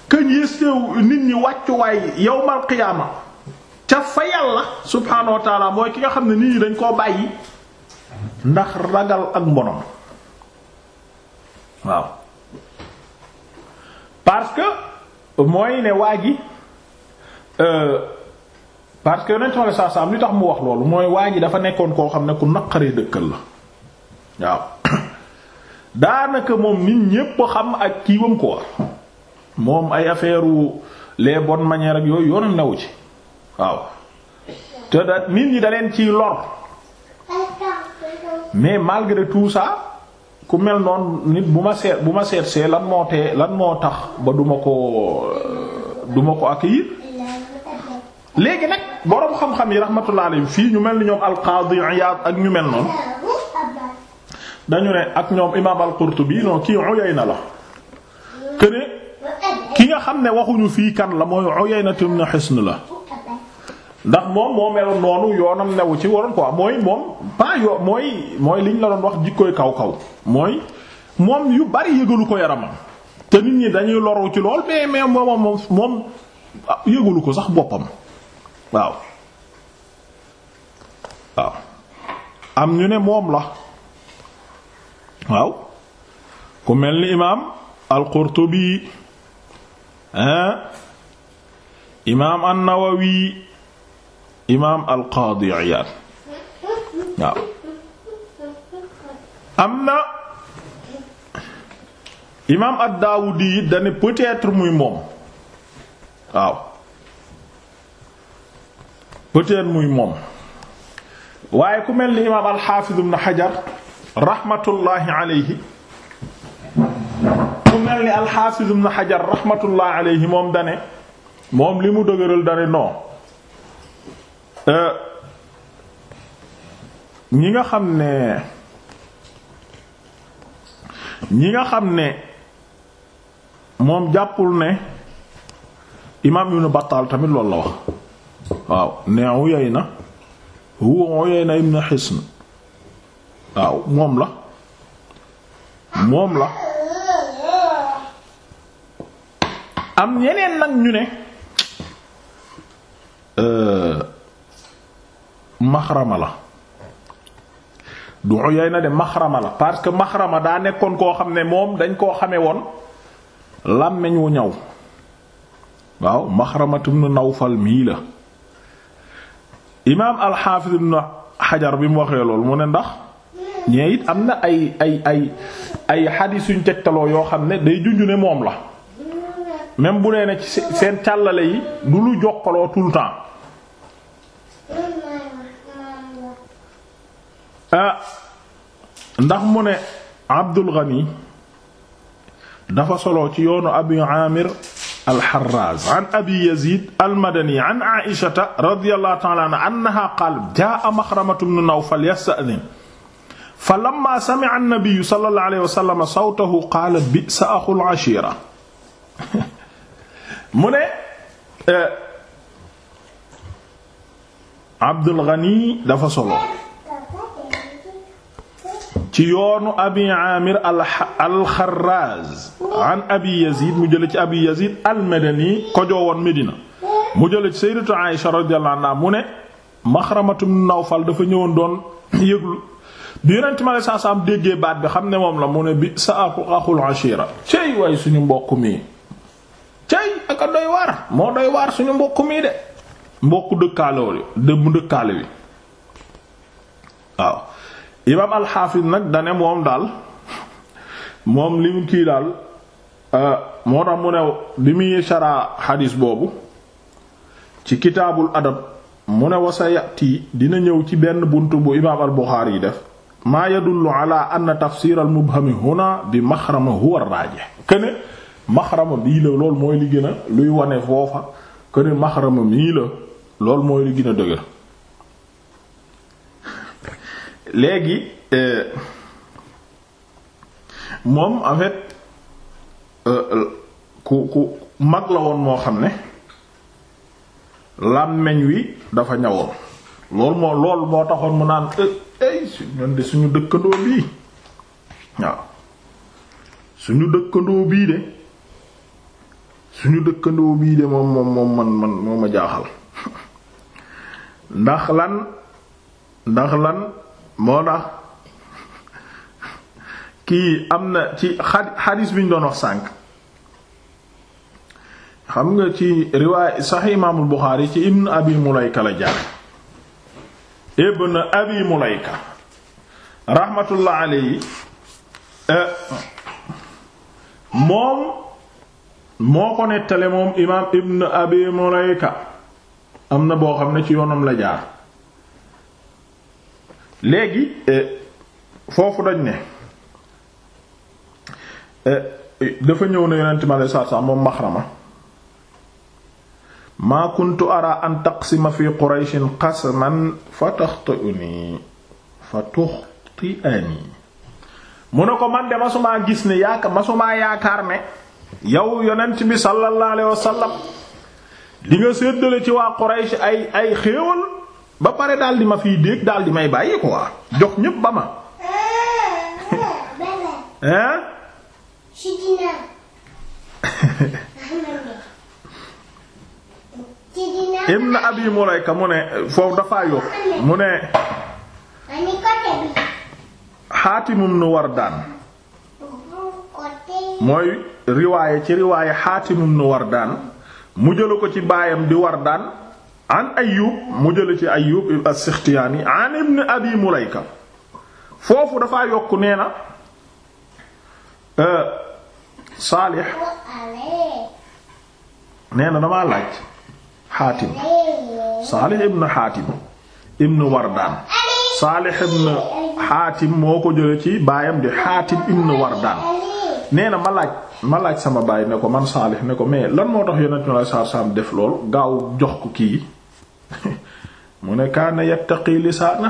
këñ yées nit ñi wàccuwaay yawmal qiyaama ca fa yàlla subhaanahu wa taala mooy ki nga xam ne nit ñi dañ koo bàyyi ndax ragal ak mbonom waaw parce que mooy ne waa ji euh, parce que yonent sallallahu alayhi wasallam li tax mu wax loolu mooy waa ji dafa nekkoon koo xam ne ku naqaree dëkkal la waaw daanaka moom nit ñépp xam ak kiiwam ko wax moom ay affaire les bon manières ak yooyu yoonu naw ci waaw te da nit ñi da leen ciy lor mais malgré tout ku mel noon nit bu ma seet bu ma seet see lan moo tee lan moo tax ba duma ko euh, duma ko accueillir léegi nag boroom xam-xam yi rahmatullah alayhi fii ñu mel ni ñoom al-Qadi Iyad ak ñu mel noonu dañu ne ak ñoom imaam al-Qurtubi non kii Uyayna la nga xam ne waxuñu fii kan la mooy Uyayna ibn Hisn la ndax moom moo meloon noonu yoonam newu ci waroon ko mooy moom mooy liñ la wax jikkooy kaw kaw mooy moom yu ko yaramam te nit ñi dañuy loru ci lool mais mais moom moom ah, yëgalu ko sax boppam waaw waaw am ñu ne moom la waaw ku mel ni imaam al-Qurtubi ah, imaam an-Nawawi imaam al-Qaadi Iyaad waaw am na imaam ad-Daawudi it dane muy moom waaw peut muy moom waaye ku mel ni imaam al-Haafiz ibn Hajar rahmatullahi alayhi ku mel ni alxaafiz ibn xajar rahmatullahi alayhi moom dane moom li mu dëgëral dane non euh, ñi nga xam ne ñi nga xam ne moom jàppul ne imaam ibnu Battaal tamit loolu la wax waaw ne Uyayna huwa Uyayna ibn Hisn waaw moom la moom la am yeneen nag ñu ne euh, maxrama la du yay na de maxrama la parce que maxrama daa nekkoon koo xam ne moom dañ koo xame woon làmmiñ wu ñaw waaw maxramatum nu nawfal mii la imaam alxaafis ibnu xajar bi mu waxee loolu mu ne ndax ñee it am na ay ay ay ay xadiis yuñ tegtaloo yoo xam ne day junju ne moom la même bu nee ne ci seen càllale yi du lu jokkaloo tout ah, ndax mu ne Abdul Ghani dafa soloo ci yoonu Abi Amir al-Harraz an Abi Yazid al-Madani an Aisha radiyallahu ta'ala anha qaal jaa'a Maxramatu ibn Nawfal yasta'dhin fa lamma sami'a an-nabiyyu sallallahu alayhi wa sallam sawtahu qaala bi'sa axul ashira mu ne eh, Abdul Ghani dafa solo ci yoonu Abi Aamir al-Kharraz an Abi Yazid mu jële ci Abi Yazid al-Madani ko joowoon Medina mu jële ci Sayyidatu Aisha radiyallahu anha mu ne Maxramatu Nawfal dafa ñëwoon doon bi yonent mi alayhi salaam déggee baat bi xam ne moom la mu ne bi sa aku axul ashira cey waay suñu mbokk mii cey aka doy waar moo doy waar suñu mbokk mii de mbokku dëkkaaloolu de mu dëkkaale wi waaw imaam alxaafis nag dane moom daal moom li mu kii daal euh, moo tax mu ne bi muy saraa xadiis boobu ci kitaabul adab mu ne wasa dina ñëw ci benn bunt bu imaam al buxaari yi def maa yadullu ala anna tafsir al mubhami huna bi maxrama huwa këne maxrama mooy li luy wane foofa këne maxrama mii la loolu mooy li gën dëgër léegi euh, moom en fait euh, ku ku mag la woon moo xam ne làmmeñ wi dafa ñawoon loolu moo loolu moo taxoon mu naan euh, ay su ñun suñu dëkkandoo bii waaw suñu dëkkandoo bii de suñu dëkkandoo bii de moom moom moom man man moo ma jaaxal ndax lan ndax lan moo tax kii am na ci xadis bi ñu doon wax sànq xam nga ci riwaay sax imaamul yi ci ibn abi Mulayka la jaar ibn abi mulayka rahmatullah alayhi eh, moom moo ko nettale moom imaam ibn abi mulayka am na boo xam ne ci yoonam la jaar léegi eh, foofu dañ ne eh, dafa ñëw na yonent mi alayhi salaatu salaam moom maxrama maa kuntu ara an taqsima fi qurayshin qasman fa taxti'uni fa tuxti'ani mu ne ko man de masumaa gis ne yaaka masumaa yaakaar ne yow yonent bi sallallahu alayhi wasallam li nga séddale ci waa quraysh ay ay xéewal ba pare daal di ma fiy dégg daal di may bàyyi ko waa jox ñépp ba ma hein ibn abi mulayka mu ne foofu dafaa yokk mu ne xaatimum nu wardaan mooy riwaaye ci riwaaye mu jëla ko ci baayam di wardaan an mu jëla ci ayub as-sixtiyaani an ibn abi mulayka foofu dafaa yokk nee na euh, saalix nee na damaa laaj xaatim saalix ibn xaatim ibn wardaan saalix ibn xaatim moo ko jële ci baayam di xaatim ibn wardaan nee na ma laaj ma laaj sama baay ne ko man saalix ne ko mais lan moo tax yonent na saar def lool gaaw jox ko kii mu ne kaana yattaqi lisaana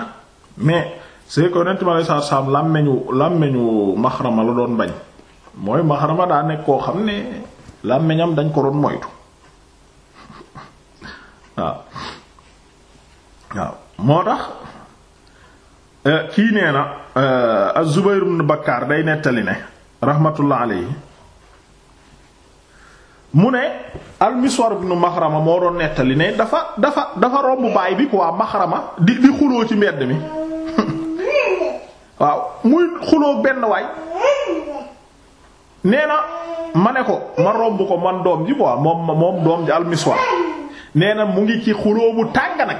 mais c'est que yonent ma saar saam làmmeñu làmmeñu maxrama la doon bañ mooy maxrama daa nekk koo xam ne làmmeñam dañ ko doon moytu waaw waaw moo tax euh, kii nee na euh, az-Zubayr day nettali ne rahmatullah alayhi mu ne al-Miswar ibn Maxrama moo doon nettali ne dafa dafa dafa romb baay bi quoi Maxrama di di xuloo ci mbedd mi waaw muy xuloo benn waay nee na ma ne ko ma romb ko man doom ji quoi moom moom doom ji al nee na mu ngi ci xuloo bu tàng nag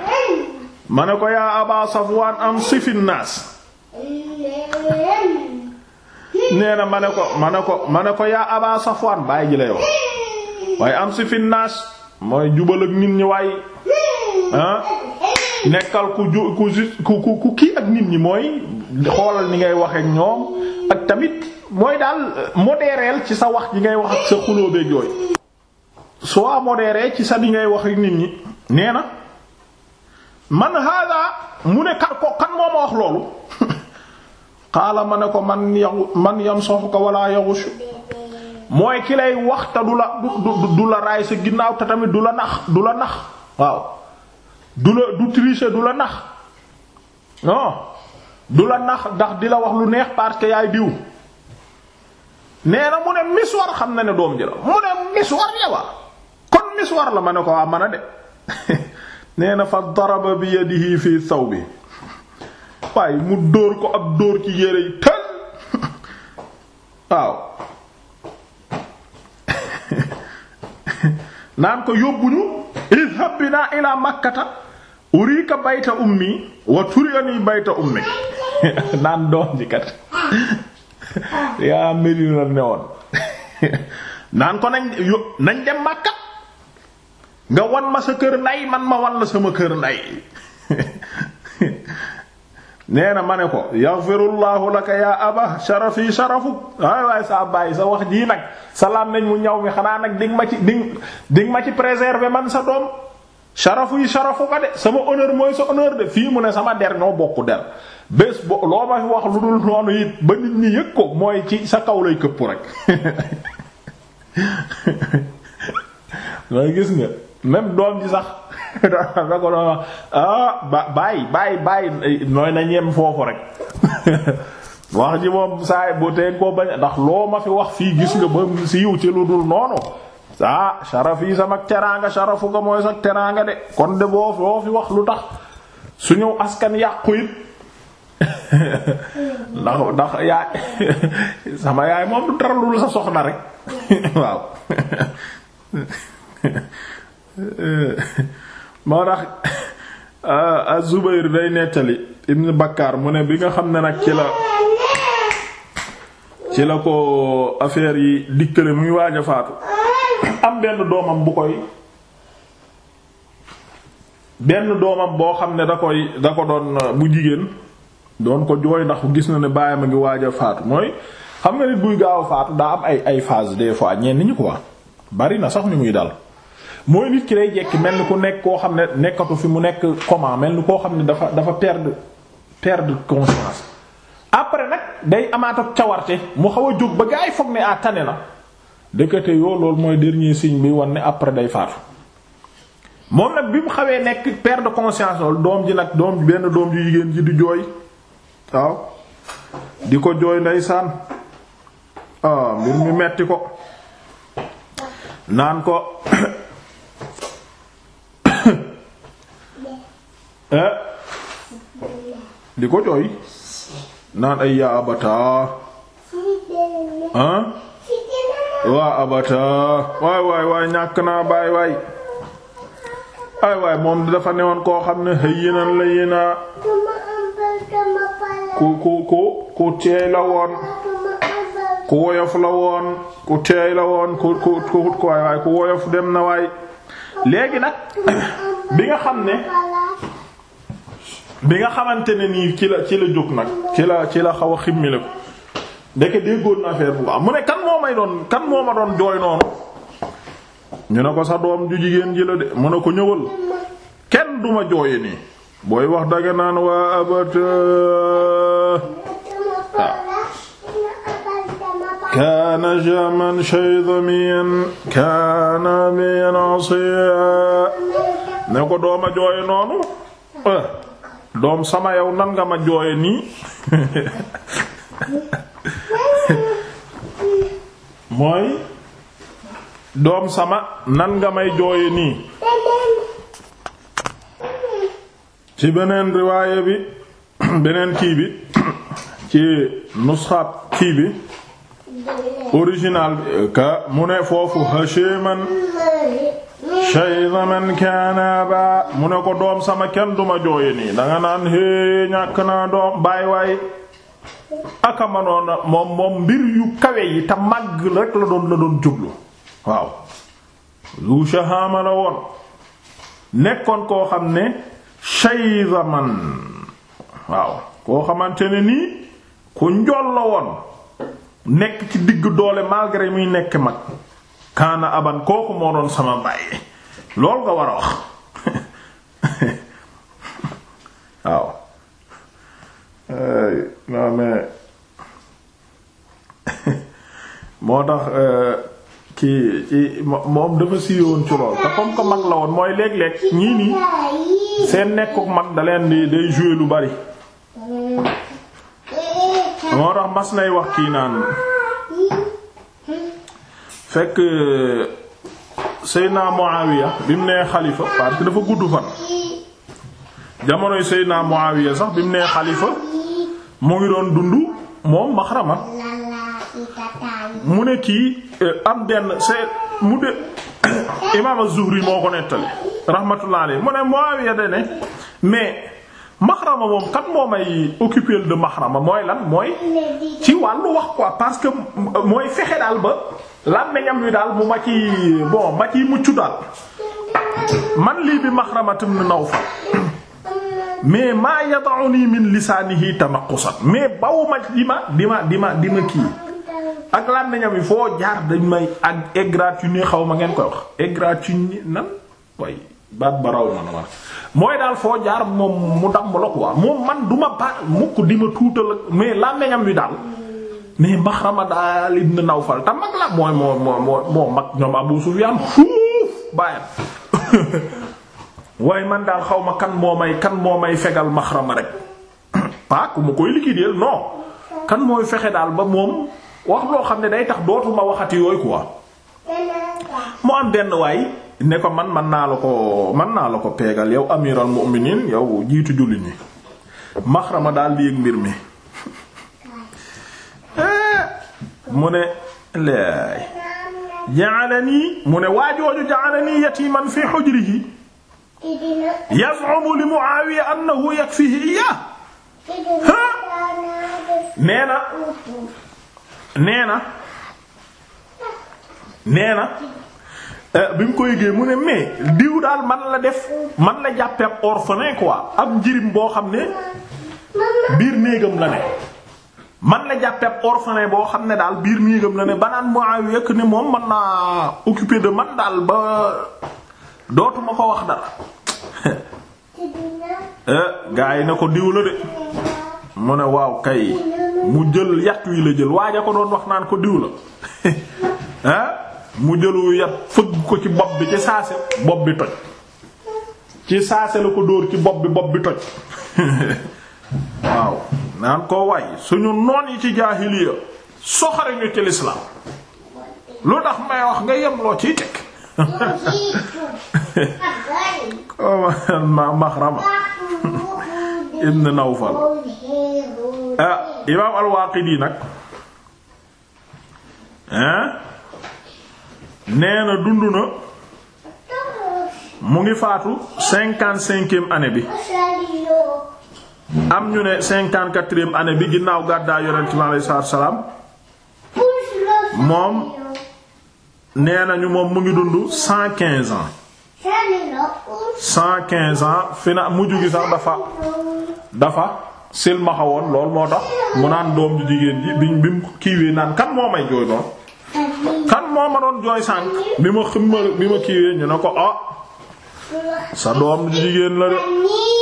ma ne ko yaa Aba Safwan am sifin naas neena na ma ne ko ma ko ma ne ko yaa Aba Safwan bàyyi ji lay wax waaye am sifin naas mooy jubal ak nit ñi waaye ah nekkal ku ju ku ku kii ak nit ñi mooy xoolal ni ngay waxe ak ñoom ak tamit mooy daal modéreel ci sa wax ji ngay wax ak sa xuloo beeg yooyu. soo modéré ci sa di ngay wax ak nit ñi nee na man hada mu ne kar ko kan moo ma wax loolu xaala ne ko man yagu man yam soxu ko wala yagu mooy ki lay wax te du la du du la raay sa ginnaaw te tamit du la nax du la nax waaw du la du tricher du la nax du la nax ndax di la wax lu neex parce que yaay biw nee na mu ne miswar xam na ne doom ji la mu ne miswar yawa kon miswar la ma ne ko waa ah, man a de nee fa daraba bi yadihi fii thawbi waaye mu dóor ko ab dóor ci yére yi tël waaw naan ko yóbbuñu izhab bina ila makkata urika bayta ummi wa turiyani bayta ummi naan doom ji kat yaa Medina newoon naan ko nañ nañ dem makka nga wan ma sa kër nday man ma wan la sama kër nday nee na ma ne ko yaxfirullahu laka yaa aba sharafi sharafuk waay waay sa bàyyi sa wax jii nag salaam nañ mu ñaw mi xanaa nag dinga ma ci dinga dinga ma ci préserver man sa doom sharafu yi sharafu de sama honneur mooy sa honneur de fii mu ne sama der ñoo bokk der bés bo loo ma wax lu dul noonu it ba nit ñi yëg ko mooy ci sa kaw lay këpp rek waaye gis nga même doom ji sax da ko doon ah ba bàyyi bàyyi bàyyi nooy na ñem foofu rek wax ji moom saay bu teeg koo bañ ndax loo ma fi wax fii gis nga ba siiw ci lu dul noonu ah saraf yi sama teraanga sarafu nga mooy sa teraanga de kon de boo boo fi wax lu tax suñu askan yàqu it ndax ndax yaay sama yaay moom du dara lu sa soxna rek waaw Euh, moo tax Az-Zubayr euh, euh, day nettali Ibn Bakkaar mu ne bi nga xam ne nag ci la ci la ko affaire yi dikkale muy waaj faatu am benn doomam bu koy benn doomam boo xam ne da koy da ko doon bu jigéen doon ko jooy ndax gis na ne baayam a ngi waaj a faatu mooy xam nga nit buy gaaw a faatu daa am ay ay phase des fois ñenn ñi quoi bari na sax ni muy dal mooy nit ki lay jekki mel ni ku nekk koo xam ne nekkatu fi mu nekk comment mel ni koo xam ne dafa dafa perdre perdre conscience après nag day amaat ak cawarte mu xaw a jóg ba gaa yi foog ne ah tane na dëkkate yoo loolu mooy dernier signe bi wan ne après day faatu moom nag bi mu xawee nekk perte de conscience loolu doom ji nag doom benn doom ju jigéen ji di jooy waaw di ko jooy ndeysaan ah mbir mi metti ko naan ko di ko jooy naan ay yaa abataa waay waay waay ñàkk naa baay waay waay moom dafa newoon koo xam ne hayyinan layyinaa ku ku ku ku teey la woon ku woyof la woon ku teey la woon ku ku ku waay waay ku woyof dem na waay léegi nag bi nga xam ne bi nga xamante ne nii ci la ci la jóg nag ci la ci la xaw a ximmi ndeke déggoon na affaire bu baax mu ne kan moo doon jooy noonu ñu ne ko sa doom ju jigéen ji la de mu ne ko ñëwal kenn duma jooye nii booy wax danga naan waa abata ah. kaana jaman shaydamiyan kaana biyan asiya ne ko dooma jooye noonu eh. doom sama yow nan nga ma jooye nii mooy doom sama nan nga may jooye nii ci beneen riwaaye bi beneen kii bi ci nusxaab kii bi original ka mu ne foofu hasheman shayda man kaana mu ne ko doom sama kenn duma jooye nii danga naan hée ñàkk naa doom baay waay aka moom moom mbir yu kawe yi te màgg rek la doon la doon jublu waaw lu shahaama la woon nekkoon koo xam ne shayda man waaw koo xamante ne nii ku njool la woon nekk ci digg doole malgré muy nekk mag kaana aban kooku moo doon sama bàyyi loolu nga war a wax waaw moo tax euh, kii ci moom dafa siiwoon ci lool te comme que mag la woon mooy léeg-léeg ñii nii seen nekkuk mag da day jouer lu bari moo tax mas nay wax kii naan fekk Seydina Muawiya bi mu nee xalifa parce que dafa gudd fan jamonoy Seydina Muawiya sax bi mu nee xalifa mu ngi doon dund moom Maxrama mu ne kii eh, am benn c'est mu de imaam az moo ko nettali rahmatullah alayhi mu ne de ne mais Maxrama moom kat moo may occupé de Maxrama mooy lan mooy ci wàllu wax quoi parce que mooy fexe daal ba. làmmiñam wi daal mu ma ci bon ma ci muccu daal man lii bi maxramatum ni Nawfal mais maa yad'uni min lisaanihi tanaqqusan mais baw ma di ma di ma di ma di ma kii ak làmmiñam wi foo jaar dañ may ak égratigné xaw ma ngeen koy wax égratigné nan way baat ba raw man war mooy daal foo jaar moom mu damm la quoi moom man du ma mukk di ma tuutal mais làmmiñam wi daal mais Maxrama daal ibn Nawfal te mag la mooy moo moo mag ñoom Abu Sufyaan fuuf bàyyam waaye man daal xaw ma kan moo may kan moo may fegal Maxrama rek pas ku ma koy liquider non kan mooy fexe daal ba moom wax loo xam ne day tax dootuma waxati yooyu quoi mu am benn waay ne ko man man naa la ko man naa la ko peegal yow amiral mu'minin yow jiitu jullit ñi Maxrama daal di yëg mbir mi. mu ne laay ja'alani mu ne waajooju ja'alani yatiman fi hujrihi yaz'umu li Muawiya annahu yakfihi iyyah nee neena nee na nee na eh, bi mu ko yëgee mu ne mais diw daal man la def man la jàppee orphelin quoi am njirim boo xam ne biir néegam la ne man la jàppee ab boo xam ne daal biir néegam la ne banaan Muawiya ne moom man naa occupé de man daal ba dootuma ko wax dara eh, gaa yi na ko diwla de mu ne waaw kay mu jël yat wi la jël waaja ko doon wax naan ko diw la eh, mu jëlu yat fëgg ko ci bopp bi ci saase bopp bi toj ci saase la ko dóor ci bopp bi bopp bi toj waaw naan ko way suñu noon yi ci jaahiliya soxare ñu ci lislaam lu tax may wax nga yem loo ciy teg ko Maxrama ibn Nawfal ah imaam al-Waaqidi nag hein ah, nee na na mu ngi faatu cinquante-cinquième anne bi am ñu ne cinquante-quatrième année bi ginnaaw gàddaa yonent bi alayhi salaatu moom nee nañu moom mu ngi dund cent quinze ans cent quinze ans fi na mujj gi sax dafa dafa silmaxa woon lool moo tax mu naan doom ju jigéen ji biñ bi mu kiiwee naan kan moo may jooy noonu kan moo ma doon jooy sànq bi ma ximmal bi ma kiiwee ñu ne ko ah sa doom di jigéen la de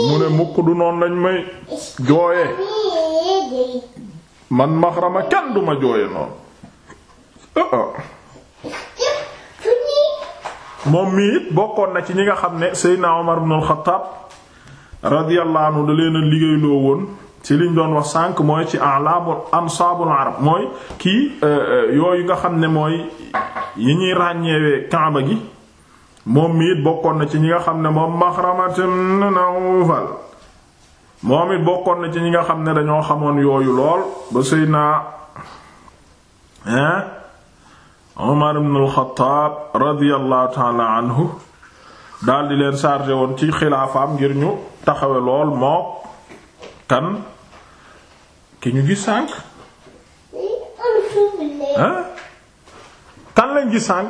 mu ne mukk du noonu lañ may jooye man maxrama kenn duma jooye noonu moom mii it bokkoon na ci ñi nga xam ne Seydina Omar ibn al-Khattab da leen a liggéeyloo woon ci liñ doon wax sànk mooy ci alaabul ansaabul arab mooy kii yooyu nga xam ne mooy yi ñuy ràññeewee Kaaba gi moom mi it bokkoon na ci ñi nga xam ne moom Maxramatum Nawfal moom it bokkoon na ci ñi nga xam ne dañoo xamoon yooyu lool ba Seydina Umar ibn al-Xattaab radiyallahu ta'ala anhu daal di leen chargé woon ci xilaafaam ngir ñu taxawe lool mook kan ki ñu gis sànq. kan lañ gis sànq.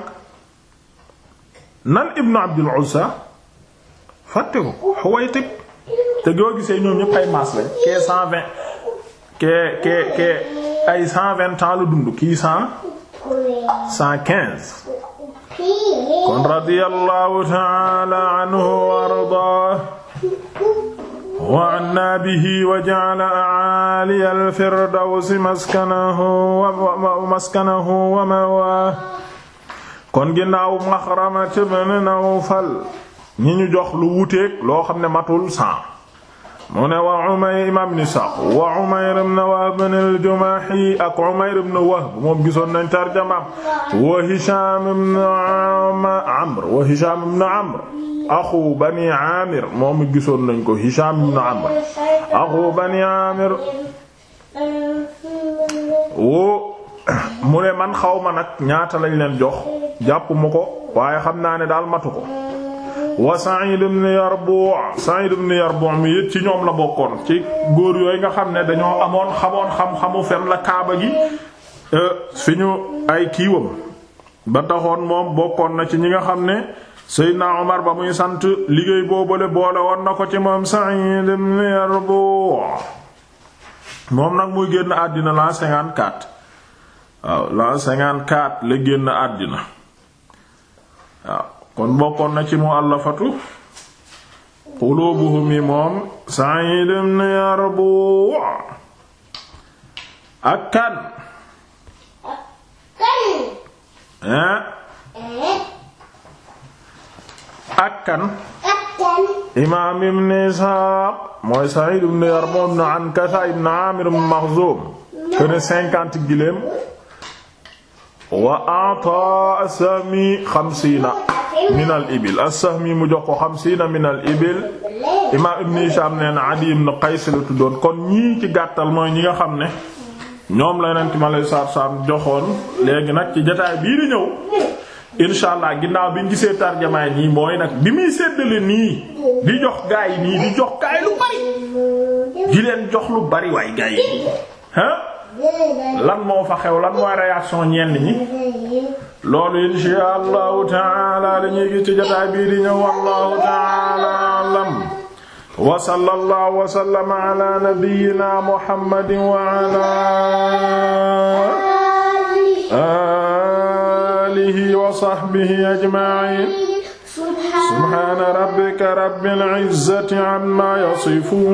nan ibnu abdul uzza fàtte ko Xuwaytib te goo gisee ñoom ñëpp ay maas lañ kee cent vingt kee kee kee ay cent vingt ans la dund kii cent cent quinze kon radiyallahu ta'ala anhu wa ardaa wa anna bihi wa ja'ala a'ali al-firdawsi maskanahu wa maskanahu wa mawaa kon ginnaaw Maxrama ibn Nawfal ñi ñu jox lu wuteeg loo xam ne matul san mu ne wa Umayr imam ni sax wa Umayr ibn Wahb al-Jumahi ak Umayr ibn Wahb moom gisoon nañ tarjamaam wa Hisham ibn Amr wa Hisham ibn Amr axu bani Amir moom gisoon nañ ko Hisham ibn Amr axu bani Amir wo mu ne man xaw ma nag ñaata lañ leen jox jàpp mu ko waaye xam naa ne daal matu ko wa Sa'id ibn Yarbu' Sa'id ibn Yarbu' mi it ci ñoom la bokkoon ci góor yooyu nga xam ne dañoo amoon xamoon xam fen la kaaba gi fi euh, ñu ay moom bokkoon na ci ñi nga xam ne Seydina Omar ba muy sant liggéey boobale boole woon na ko ci moom Sa'id ibn Yarbu' moom nag muy génn àddina la 54 waaw l'an cinquante-quatre la génn àddina waaw kon bokkoon na ci muallafatu qulubuhum yi moom Sa'id ibn Yarbu ak kan eh? ak kan imaam ibn Isaaq mooy Sa'id ibn Yarbu ibn Ankasa ibn Amir ibn Maxzum kene cinquante giléem wa ata asami xamsiina minal ibil asahmi mu jox ko xamsiina minal ibil imaam ibn Hishaam nee na Adiy tuddoon kon ñii ci gàttal mooy ñi nga xam ne ñoom la Yonent mi alayhi salaatu salaam joxoon léegi nag ci jotaay bii di ñëw insha allah ginnaaw bi ñu gisee tarjamaay nii mooy nag bi muy séddale nii di jox gaa nii di jox gaa lu bari di leen jox lu bari waay gaa yi lan moo fa xew lan mooy réaction ñenn ñi loolu insha allahu taala dañuy gis ci jotaay bii di ñëw wallahu taala alam wa sallallahu wa sallama ala nabiyyina muhammadin wa ala alihi wa sahbihi ajma'in subhana rabbika rabbil izzati amma yasifun